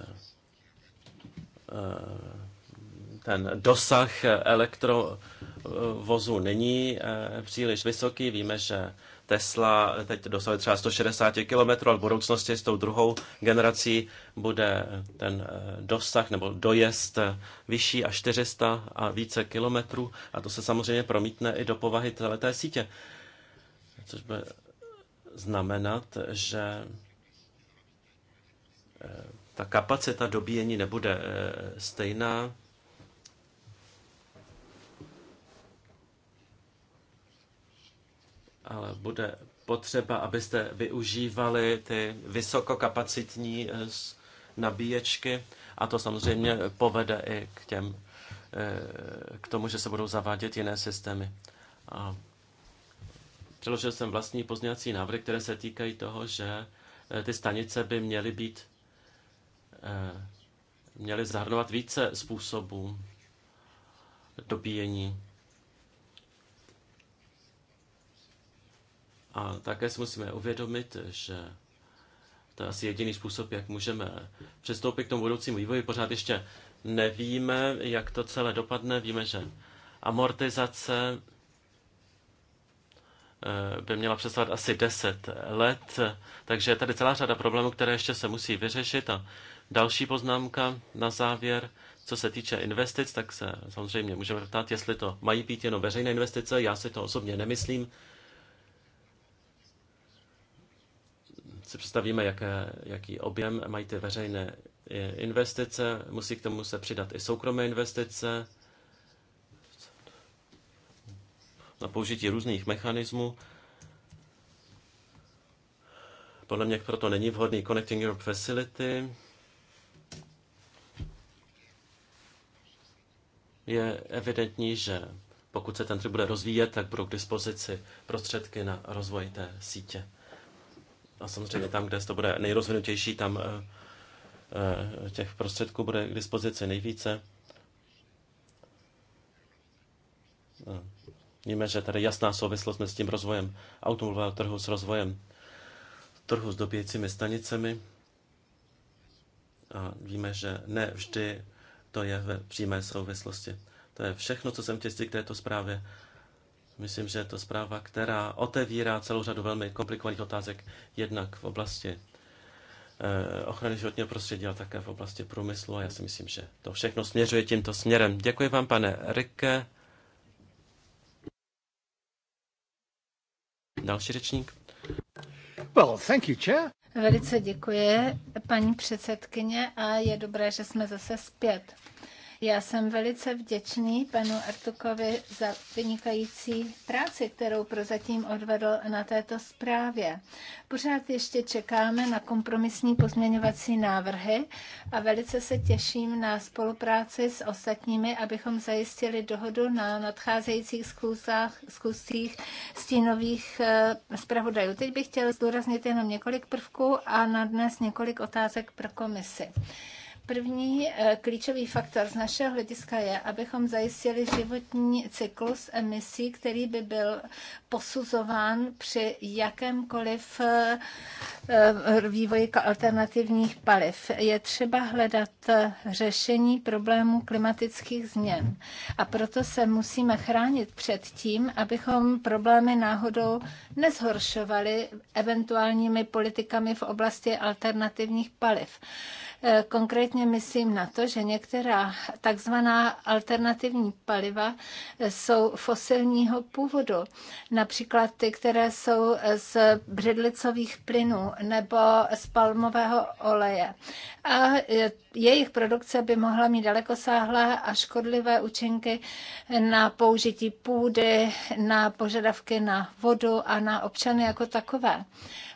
ten dosah elektrovozu není příliš vysoký. Víme, že Tesla teď dosahuje třeba 160 km, ale v budoucnosti s tou druhou generací bude ten eh, dosah nebo dojezd vyšší a 400 a více kilometrů a to se samozřejmě promítne i do povahy té sítě. Což bude znamenat, že eh, ta kapacita dobíjení nebude eh, stejná ale bude potřeba, abyste využívali ty vysokokapacitní eh, nabíječky a to samozřejmě povede i k, těm, eh, k tomu, že se budou zavádět jiné systémy. A přiložil jsem vlastní pozměňovací návrhy, které se týkají toho, že eh, ty stanice by měly být, měly zahrnovat více způsobů dobíjení. A také si musíme uvědomit, že to je asi jediný způsob, jak můžeme přistoupit k tomu budoucímu vývoji. Pořád ještě nevíme, jak to celé dopadne. Víme, že amortizace eh, by měla přestat asi 10 let, takže je tady celá řada problémů, které ještě se musí vyřešit. A další poznámka na závěr, co se týče investic, tak se samozřejmě můžeme ptát, jestli to mají být jenom veřejné investice. Já si to osobně nemyslím. si představíme, jaké, jaký objem mají ty veřejné eh, investice, musí k tomu se přidat i soukromé investice na použití různých mechanismů. Podle mě proto není vhodný Connecting Europe Facility. Je evidentní, že pokud se ten trh bude rozvíjet, tak budou k dispozici prostředky na rozvoj té sítě. A samozřejmě tam, kde to bude nejrozvinutější, tam eh, eh, těch prostředků bude k dispozici nejvíce. Eh, víme, že tady jasná souvislost mezi tím rozvojem automobilového trhu s rozvojem trhu s dobíjecími stanicemi. A víme, že ne vždy to je ve přímé souvislosti. To je všechno, co jsem chtěl k této zprávě Myslím, že je to zpráva, která otevírá celou řadu velmi komplikovaných otázek, jednak v oblasti eh, ochrany životního prostředí, ale také v oblasti průmyslu a já si myslím, že to všechno směřuje tímto směrem. Děkuji vám, pane Rike. Další řečník. Well, thank you, chair. Velice děkuji, paní předsedkyně, a je dobré, že jsme zase zpět. Já jsem velice vděčný panu Artukovi za vynikající práci, kterou prozatím odvedl na této zprávě. Pořád ještě čekáme na kompromisní pozměňovací návrhy a velice se těším na spolupráci s ostatními, abychom zajistili dohodu na nadcházejících zkusách, zkusích stínových eh, zpravodajů. Teď bych chtěl zdůraznit jenom několik prvků a na dnes několik otázek pro komisi. První eh, klíčový faktor z našeho hlediska je, abychom zajistili životní cyklus emisí, který by byl posuzován při jakémkoliv eh, eh, vývoji alternativních paliv. Je třeba hledat řešení problémů klimatických změn. A proto se musíme chránit před tím, abychom problémy náhodou nezhoršovali eventuálními politikami v oblasti alternativních paliv. Konkrétně vlastně myslím na to, že některá takzvaná alternativní paliva jsou fosilního původu. Například ty, které jsou z břidlicových plynů nebo z palmového oleje. A jejich produkce by mohla mít dalekosáhlé a škodlivé účinky na použití půdy, na požadavky na vodu a na občany jako takové.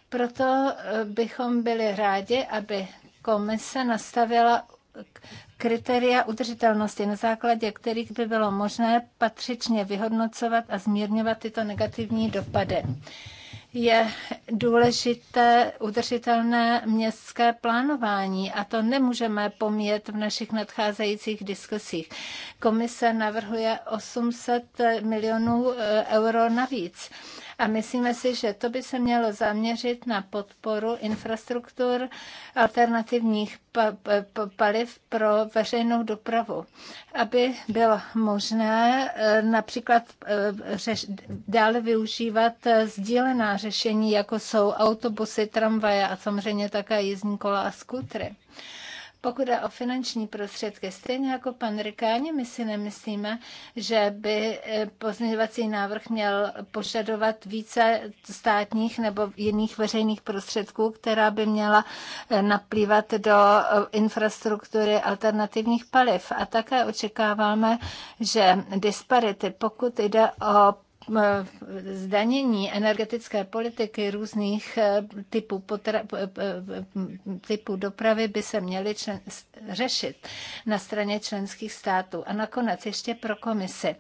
Proto bychom byli rádi, aby komise nastavila kritéria udržitelnosti, na základě kterých by bylo možné patřičně vyhodnocovat a zmírňovat tyto negativní dopady. Je důležité udržitelné městské plánování a to nemůžeme pomět v našich nadcházejících diskusích. Komise navrhuje 800 milionů e, euro navíc a myslíme si, že to by se mělo zaměřit na podporu infrastruktur alternativních paliv pro veřejnou dopravu, aby bylo možné eh, například eh, dále využívat eh, sdílená řešení, jako jsou autobusy, tramvaje a samozřejmě také jízdní kola a skutry. Pokud je o finanční prostředky, stejně jako pan Rikáni, my si nemyslíme, že by eh, pozměňovací návrh měl požadovat více státních nebo jiných veřejných prostředků, která by měla eh, naplývat do eh, infrastruktury alternativních paliv. A také očekáváme, že disparity, pokud jde o Eh, zdanění energetické politiky různých eh, typů, potra, eh, typů dopravy by se měly člen, řešit na straně členských států. A nakonec ještě pro komisi.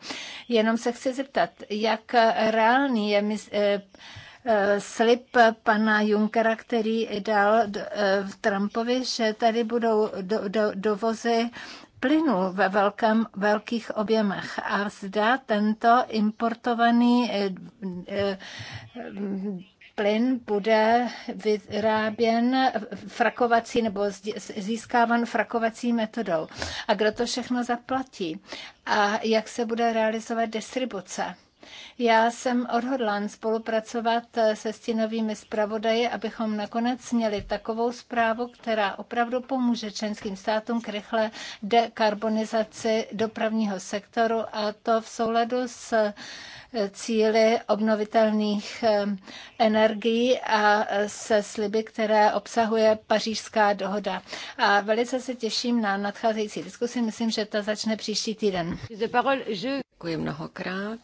Jenom se chci zeptat, jak reálný je slib pana Junkera, který dal Trumpovi, že tady budou do, do, dovozy plynu ve velkém, velkých objemech a zda tento importovaný eh, eh, plyn bude vyráběn frakovací nebo získávan frakovací metodou. A kdo to všechno zaplatí? A jak se bude realizovat distribuce? Já jsem odhodlán spolupracovat se stínovými zpravodaji, abychom nakonec měli takovou zprávu, která opravdu pomůže členským státům k rychlé dekarbonizaci dopravního sektoru a to v souladu s cíly obnovitelných eh, energií a eh, se sliby, které obsahuje pařížská dohoda. A velice se těším na nadcházející diskusi. Myslím, že ta začne příští týden. Děkuji mnohokrát.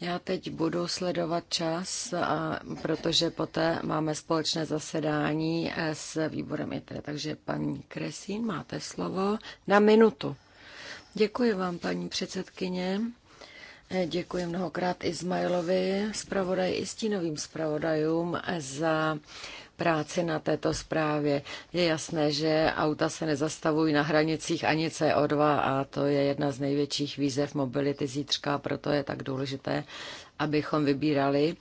Já teď budu sledovat čas, a, protože poté máme společné zasedání eh, s výborem ITRE. Takže paní Kresín, máte slovo na minutu. Děkuji vám, paní předsedkyně. Děkuji mnohokrát Izmailovi, zpravodaji i stínovým zpravodajům za práci na této zprávě. Je jasné, že auta se nezastavují na hranicích ani CO2 a to je jedna z největších výzev mobility zítřka, proto je tak důležité, abychom vybírali,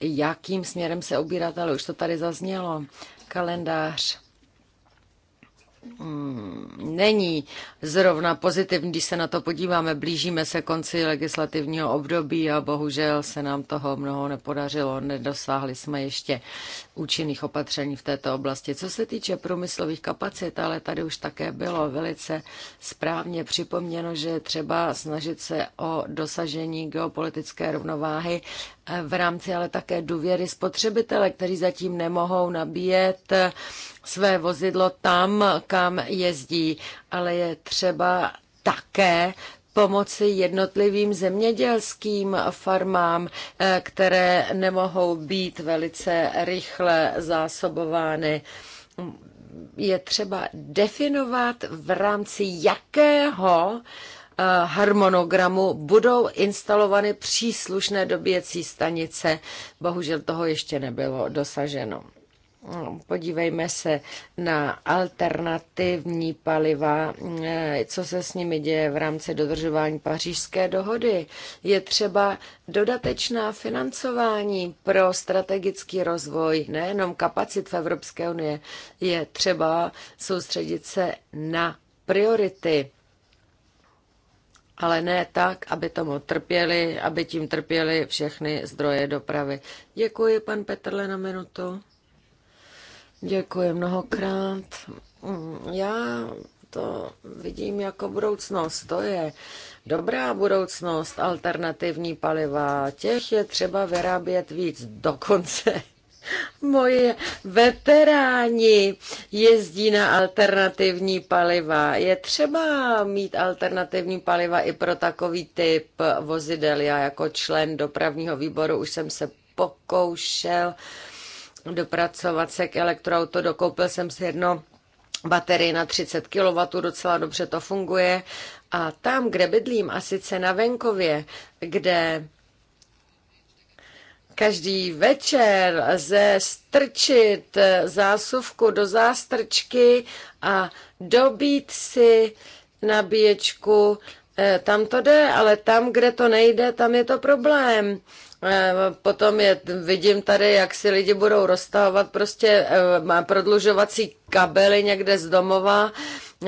jakým směrem se obírat, ale už to tady zaznělo. Kalendář Hmm, není zrovna pozitivní, když se na to podíváme. Blížíme se konci legislativního období a bohužel se nám toho mnoho nepodařilo. Nedosáhli jsme ještě účinných opatření v této oblasti. Co se týče průmyslových kapacit, ale tady už také bylo velice správně připomněno, že třeba snažit se o dosažení geopolitické rovnováhy v rámci ale také důvěry spotřebitele, kteří zatím nemohou nabíjet své vozidlo tam, kam jezdí, ale je třeba také pomoci jednotlivým zemědělským farmám, eh, které nemohou být velice rychle zásobovány. Je třeba definovat v rámci jakého Eh, harmonogramu budou instalovány příslušné dobíjecí stanice. Bohužel toho ještě nebylo dosaženo. Hmm, podívejme se na alternativní paliva, eh, co se s nimi děje v rámci dodržování pařížské dohody. Je třeba dodatečná financování pro strategický rozvoj nejenom kapacit v Evropské unie. Je třeba soustředit se na priority ale ne tak, aby tomu trpěli, aby tím trpěli všechny zdroje dopravy. Děkuji, pan Petrle, na minutu. Děkuji mnohokrát. Já to vidím jako budoucnost. To je dobrá budoucnost, alternativní paliva. Těch je třeba vyrábět víc. Dokonce Moje veteráni jezdí na alternativní paliva. Je třeba mít alternativní paliva i pro takový typ vozidel. Já jako člen dopravního výboru už jsem se pokoušel dopracovat se k elektroauto. Dokoupil jsem si jedno baterii na 30 kW, docela dobře to funguje. A tam, kde bydlím, a sice na venkově, kde každý večer lze strčit eh, zásuvku do zástrčky a dobít si nabíječku. Eh, tam to jde, ale tam, kde to nejde, tam je to problém. Eh, potom je, vidím tady, jak si lidi budou roztahovat prostě prodlužovací kabely někde z domova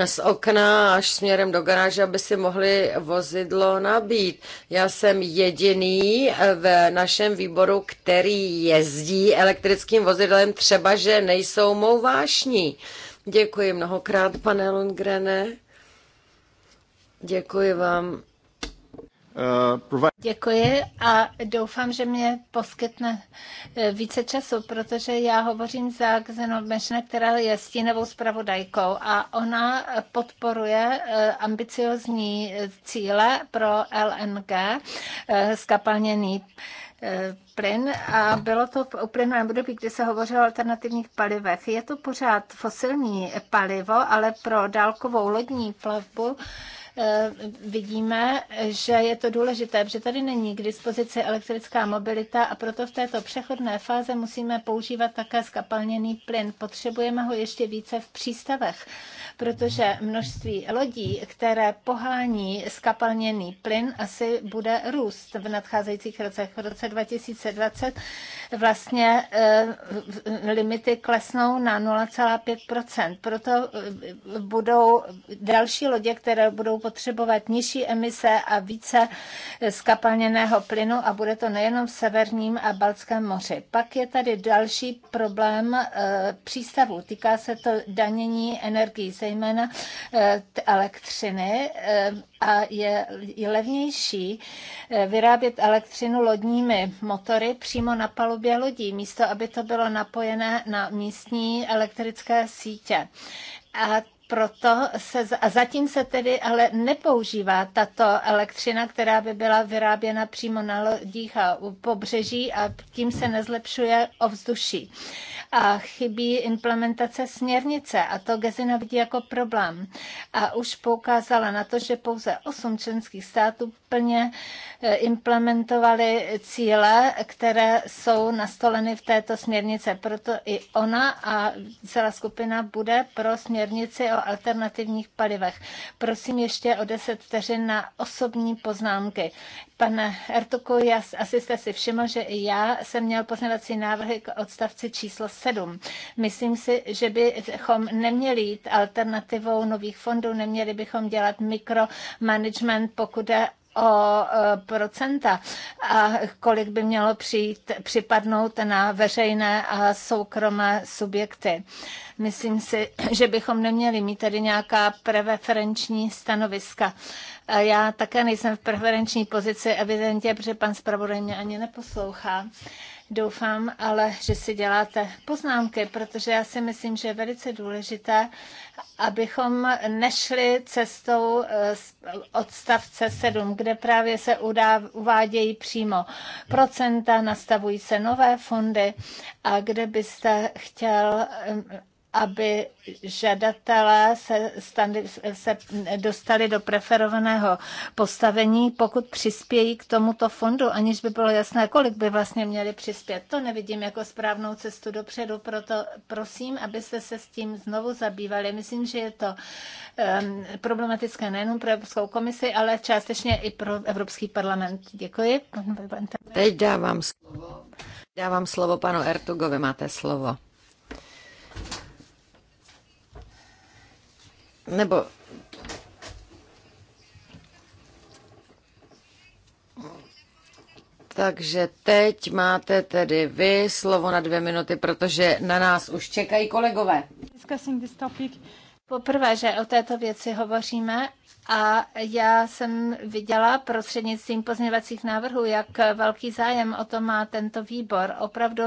z okna až směrem do garáže, aby si mohli vozidlo nabít. Já jsem jediný eh, v našem výboru, který jezdí elektrickým vozidlem, třeba že nejsou mou vášní. Děkuji mnohokrát, pane Lundgrene. Děkuji vám Děkuji a doufám, že mě poskytne eh, více času, protože já hovořím za Gzeno Mešne, která je stínovou zpravodajkou a ona podporuje eh, ambiciozní eh, cíle pro LNG skapalněný plyn a bylo to v uplynulém období, kdy se hovořilo o alternativních palivech. Je to pořád fosilní palivo, ale pro dálkovou lodní plavbu Eh, vidíme, že je to důležité, protože tady není k dispozici elektrická mobilita a proto v této přechodné fáze musíme používat také skapalněný plyn. Potřebujeme ho ještě více v přístavech, protože množství lodí, které pohání skapalněný plyn, asi bude růst v nadcházejících rocech. V roce 2020 vlastně eh, limity klesnou na 0,5%. Proto eh, budou další lodě, které budou potřebovat nižší emise a více skapalněného plynu a bude to nejenom v Severním a Balckém moři. Pak je tady další problém eh, přístavů. Týká se to danění energií, zejména eh, elektřiny eh, a je, je levnější vyrábět elektřinu lodními motory přímo na palubě lodí, místo aby to bylo napojené na místní elektrické sítě. A proto se, a zatím se tedy ale nepoužívá tato elektřina, která by byla vyráběna přímo na lodích a u pobřeží a tím se nezlepšuje ovzduší a chybí implementace směrnice a to Gezina vidí jako problém. A už poukázala na to, že pouze osm členských států plně e, implementovali cíle, které jsou nastoleny v této směrnice. Proto i ona a celá skupina bude pro směrnici o alternativních palivech. Prosím ještě o 10 vteřin na osobní poznámky. Pane Ertuku, já, asi jste si všiml, že i já jsem měl poznávací návrhy k odstavci číslo 7. Myslím si, že bychom neměli jít alternativou nových fondů, neměli bychom dělat mikromanagement, pokud jde o procenta a kolik by mělo přijít, připadnout na veřejné a soukromé subjekty. Myslím si, že bychom neměli mít tady nějaká preferenční stanoviska. Já také nejsem v preferenční pozici, evidentně, protože pan zpravodaj mě ani neposlouchá. Doufám ale, že si děláte poznámky, protože já si myslím, že je velice důležité, abychom nešli cestou eh, odstavce 7, kde právě se udá, uvádějí přímo procenta, nastavují se nové fondy a kde byste chtěl, eh, aby žadatelé se, standi, se dostali do preferovaného postavení, pokud přispějí k tomuto fondu, aniž by bylo jasné, kolik by vlastně měli přispět. To nevidím jako správnou cestu dopředu, proto prosím, abyste se s tím znovu zabývali. Myslím, že je to um, problematické nejenom pro Evropskou komisi, ale částečně i pro Evropský parlament. Děkuji. Teď dávám slovo. Dávám slovo panu Ertugovi, máte slovo. nebo takže teď máte tedy vy slovo na dvě minuty, protože na nás už čekají kolegové. Poprvé, že o této věci hovoříme a já jsem viděla prostřednictvím pozměňovacích návrhů, jak velký zájem o to má tento výbor. Opravdu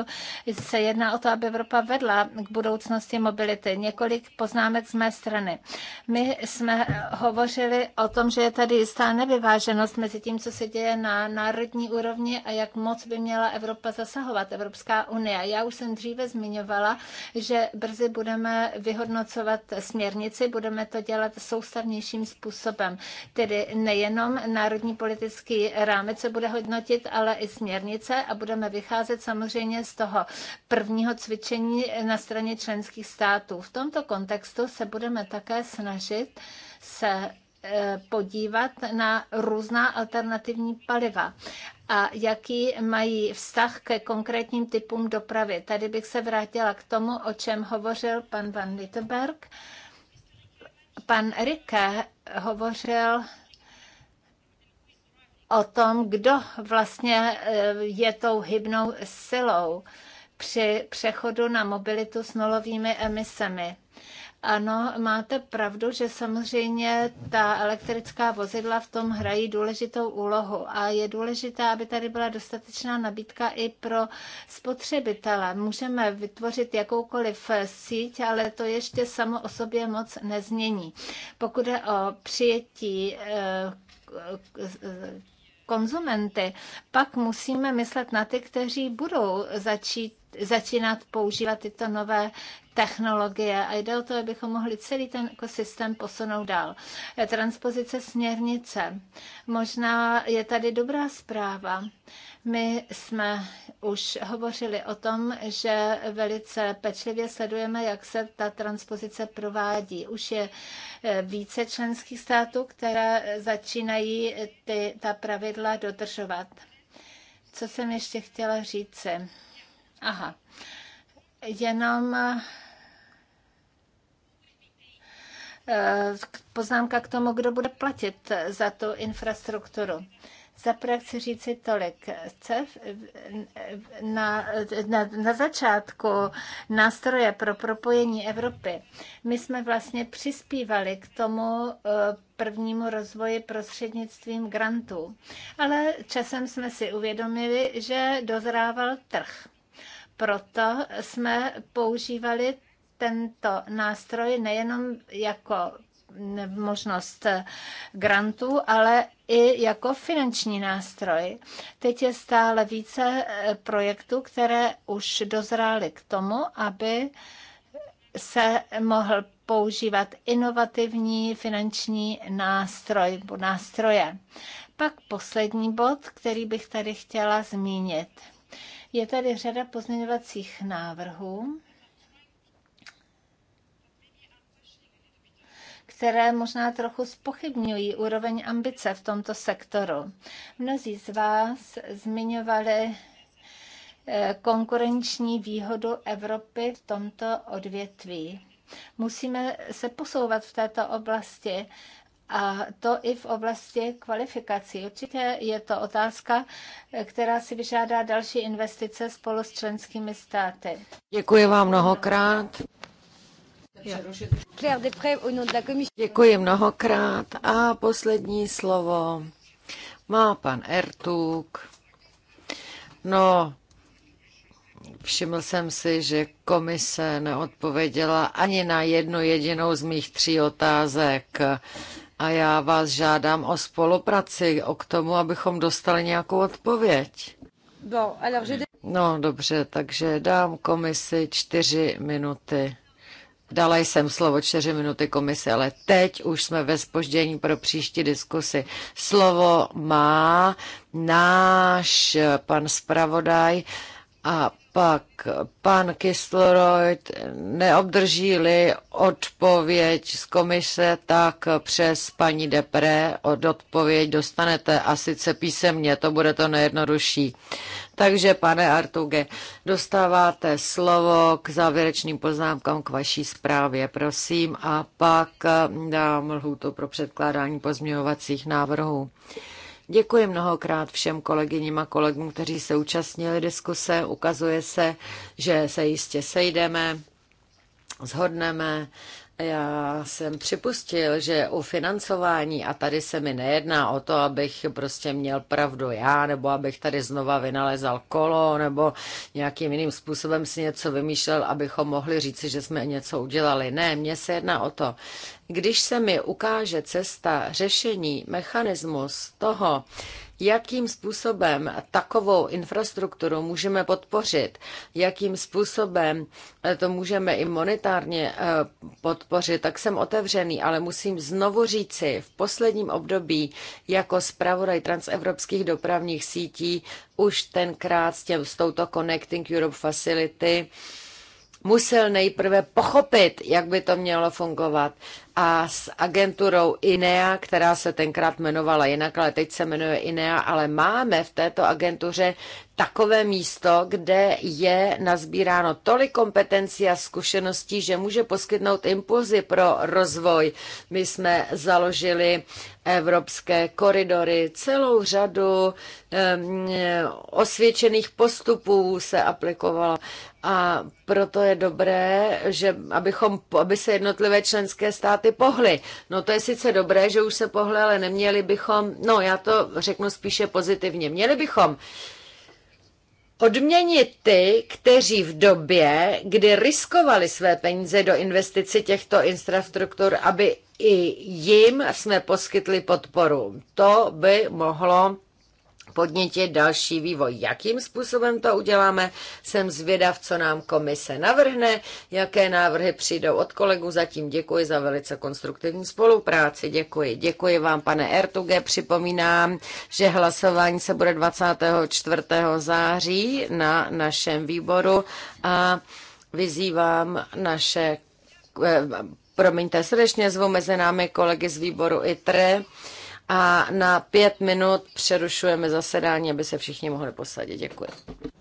se jedná o to, aby Evropa vedla k budoucnosti mobility. Několik poznámek z mé strany. My jsme hovořili o tom, že je tady jistá nevyváženost mezi tím, co se děje na národní úrovni a jak moc by měla Evropa zasahovat, Evropská unie. Já už jsem dříve zmiňovala, že brzy budeme vyhodnocovat směrnici, budeme to dělat soustavnějším způsobem způsobem. Tedy nejenom národní politický rámec se bude hodnotit, ale i směrnice a budeme vycházet samozřejmě z toho prvního cvičení na straně členských států. V tomto kontextu se budeme také snažit se e, podívat na různá alternativní paliva a jaký mají vztah ke konkrétním typům dopravy. Tady bych se vrátila k tomu, o čem hovořil pan Van Littenberg. Pan Rike hovořil o tom, kdo vlastně e, je tou hybnou silou při přechodu na mobilitu s nulovými emisemi. Ano, máte pravdu, že samozřejmě ta elektrická vozidla v tom hrají důležitou úlohu a je důležité, aby tady byla dostatečná nabídka i pro spotřebitele. Můžeme vytvořit jakoukoliv síť, ale to ještě samo o sobě moc nezmění. Pokud je o přijetí eh, konzumenty, pak musíme myslet na ty, kteří budou začít začínat používat tyto nové technologie a jde o to, abychom mohli celý ten ekosystém posunout dál. Eh, transpozice směrnice. Možná je tady dobrá zpráva. My jsme už hovořili o tom, že velice pečlivě sledujeme, jak se ta transpozice provádí. Už je eh, více členských států, které začínají eh, ty, ta pravidla dodržovat. Co jsem ještě chtěla říci? Aha. Jenom eh, poznámka k tomu, kdo bude platit za tu infrastrukturu. Zaprvé chci říci tolik. Na, na, na začátku nástroje pro propojení Evropy my jsme vlastně přispívali k tomu eh, prvnímu rozvoji prostřednictvím grantů. Ale časem jsme si uvědomili, že dozrával trh proto jsme používali tento nástroj nejenom jako možnost grantů, ale i jako finanční nástroj. Teď je stále více eh, projektů, které už dozrály k tomu, aby se mohl používat inovativní finanční nástroj, nástroje. Pak poslední bod, který bych tady chtěla zmínit. Je tady řada pozměňovacích návrhů, které možná trochu spochybňují úroveň ambice v tomto sektoru. Mnozí z vás zmiňovali eh, konkurenční výhodu Evropy v tomto odvětví. Musíme se posouvat v této oblasti, a to i v oblasti kvalifikací. Určitě je to otázka, která si vyžádá další investice spolu s členskými státy. Děkuji vám mnohokrát. Děkuji mnohokrát a poslední slovo má pan Ertuk. No, Všiml jsem si, že komise neodpověděla ani na jednu jedinou z mých tří otázek. A já vás žádám o spolupráci, o k tomu, abychom dostali nějakou odpověď. No dobře, takže dám komisi čtyři minuty. Dala jsem slovo čtyři minuty komise, ale teď už jsme ve spoždění pro příští diskusy. Slovo má náš pan zpravodaj a pak pan Kisleroyd neobdrží-li odpověď z komise, tak přes paní Depre od odpověď dostanete a sice písemně, to bude to nejjednodušší. Takže, pane Artuge, dostáváte slovo k závěrečným poznámkám k vaší zprávě, prosím, a pak dám lhůtu pro předkládání pozměňovacích návrhů. Děkuji mnohokrát všem kolegyním a kolegům, kteří se účastnili diskuse. Ukazuje se, že se jistě sejdeme, zhodneme. Já jsem připustil, že u financování, a tady se mi nejedná o to, abych prostě měl pravdu já, nebo abych tady znova vynalezal kolo, nebo nějakým jiným způsobem si něco vymýšlel, abychom mohli říci, že jsme něco udělali. Ne, mně se jedná o to, když se mi ukáže cesta řešení, mechanismus toho, jakým způsobem takovou infrastrukturu můžeme podpořit, jakým způsobem eh, to můžeme i monetárně eh, podpořit, tak jsem otevřený, ale musím znovu říci, v posledním období jako zpravodaj transevropských dopravních sítí už tenkrát s, těm, s touto Connecting Europe Facility musel nejprve pochopit, jak by to mělo fungovat a s agenturou INEA, která se tenkrát jmenovala jinak, ale teď se jmenuje INEA, ale máme v této agentuře takové místo, kde je nazbíráno tolik kompetencí a zkušeností, že může poskytnout impulzy pro rozvoj. My jsme založili evropské koridory, celou řadu um, osvědčených postupů se aplikovalo, A proto je dobré, že abychom, aby se jednotlivé členské státy ty pohly. No to je sice dobré, že už se pohly, ale neměli bychom, no já to řeknu spíše pozitivně, měli bychom odměnit ty, kteří v době, kdy riskovali své peníze do investici těchto infrastruktur, aby i jim jsme poskytli podporu. To by mohlo podnětit další vývoj. Jakým způsobem to uděláme, jsem zvědav, co nám komise navrhne, jaké návrhy přijdou od kolegu Zatím děkuji za velice konstruktivní spolupráci. Děkuji. Děkuji vám, pane Ertuge. Připomínám, že hlasování se bude 24. září na našem výboru a vyzývám naše, eh, promiňte, srdečně zvu mezi námi kolegy z výboru ITRE, a na pět minut přerušujeme zasedání, aby se všichni mohli posadit. Děkuji.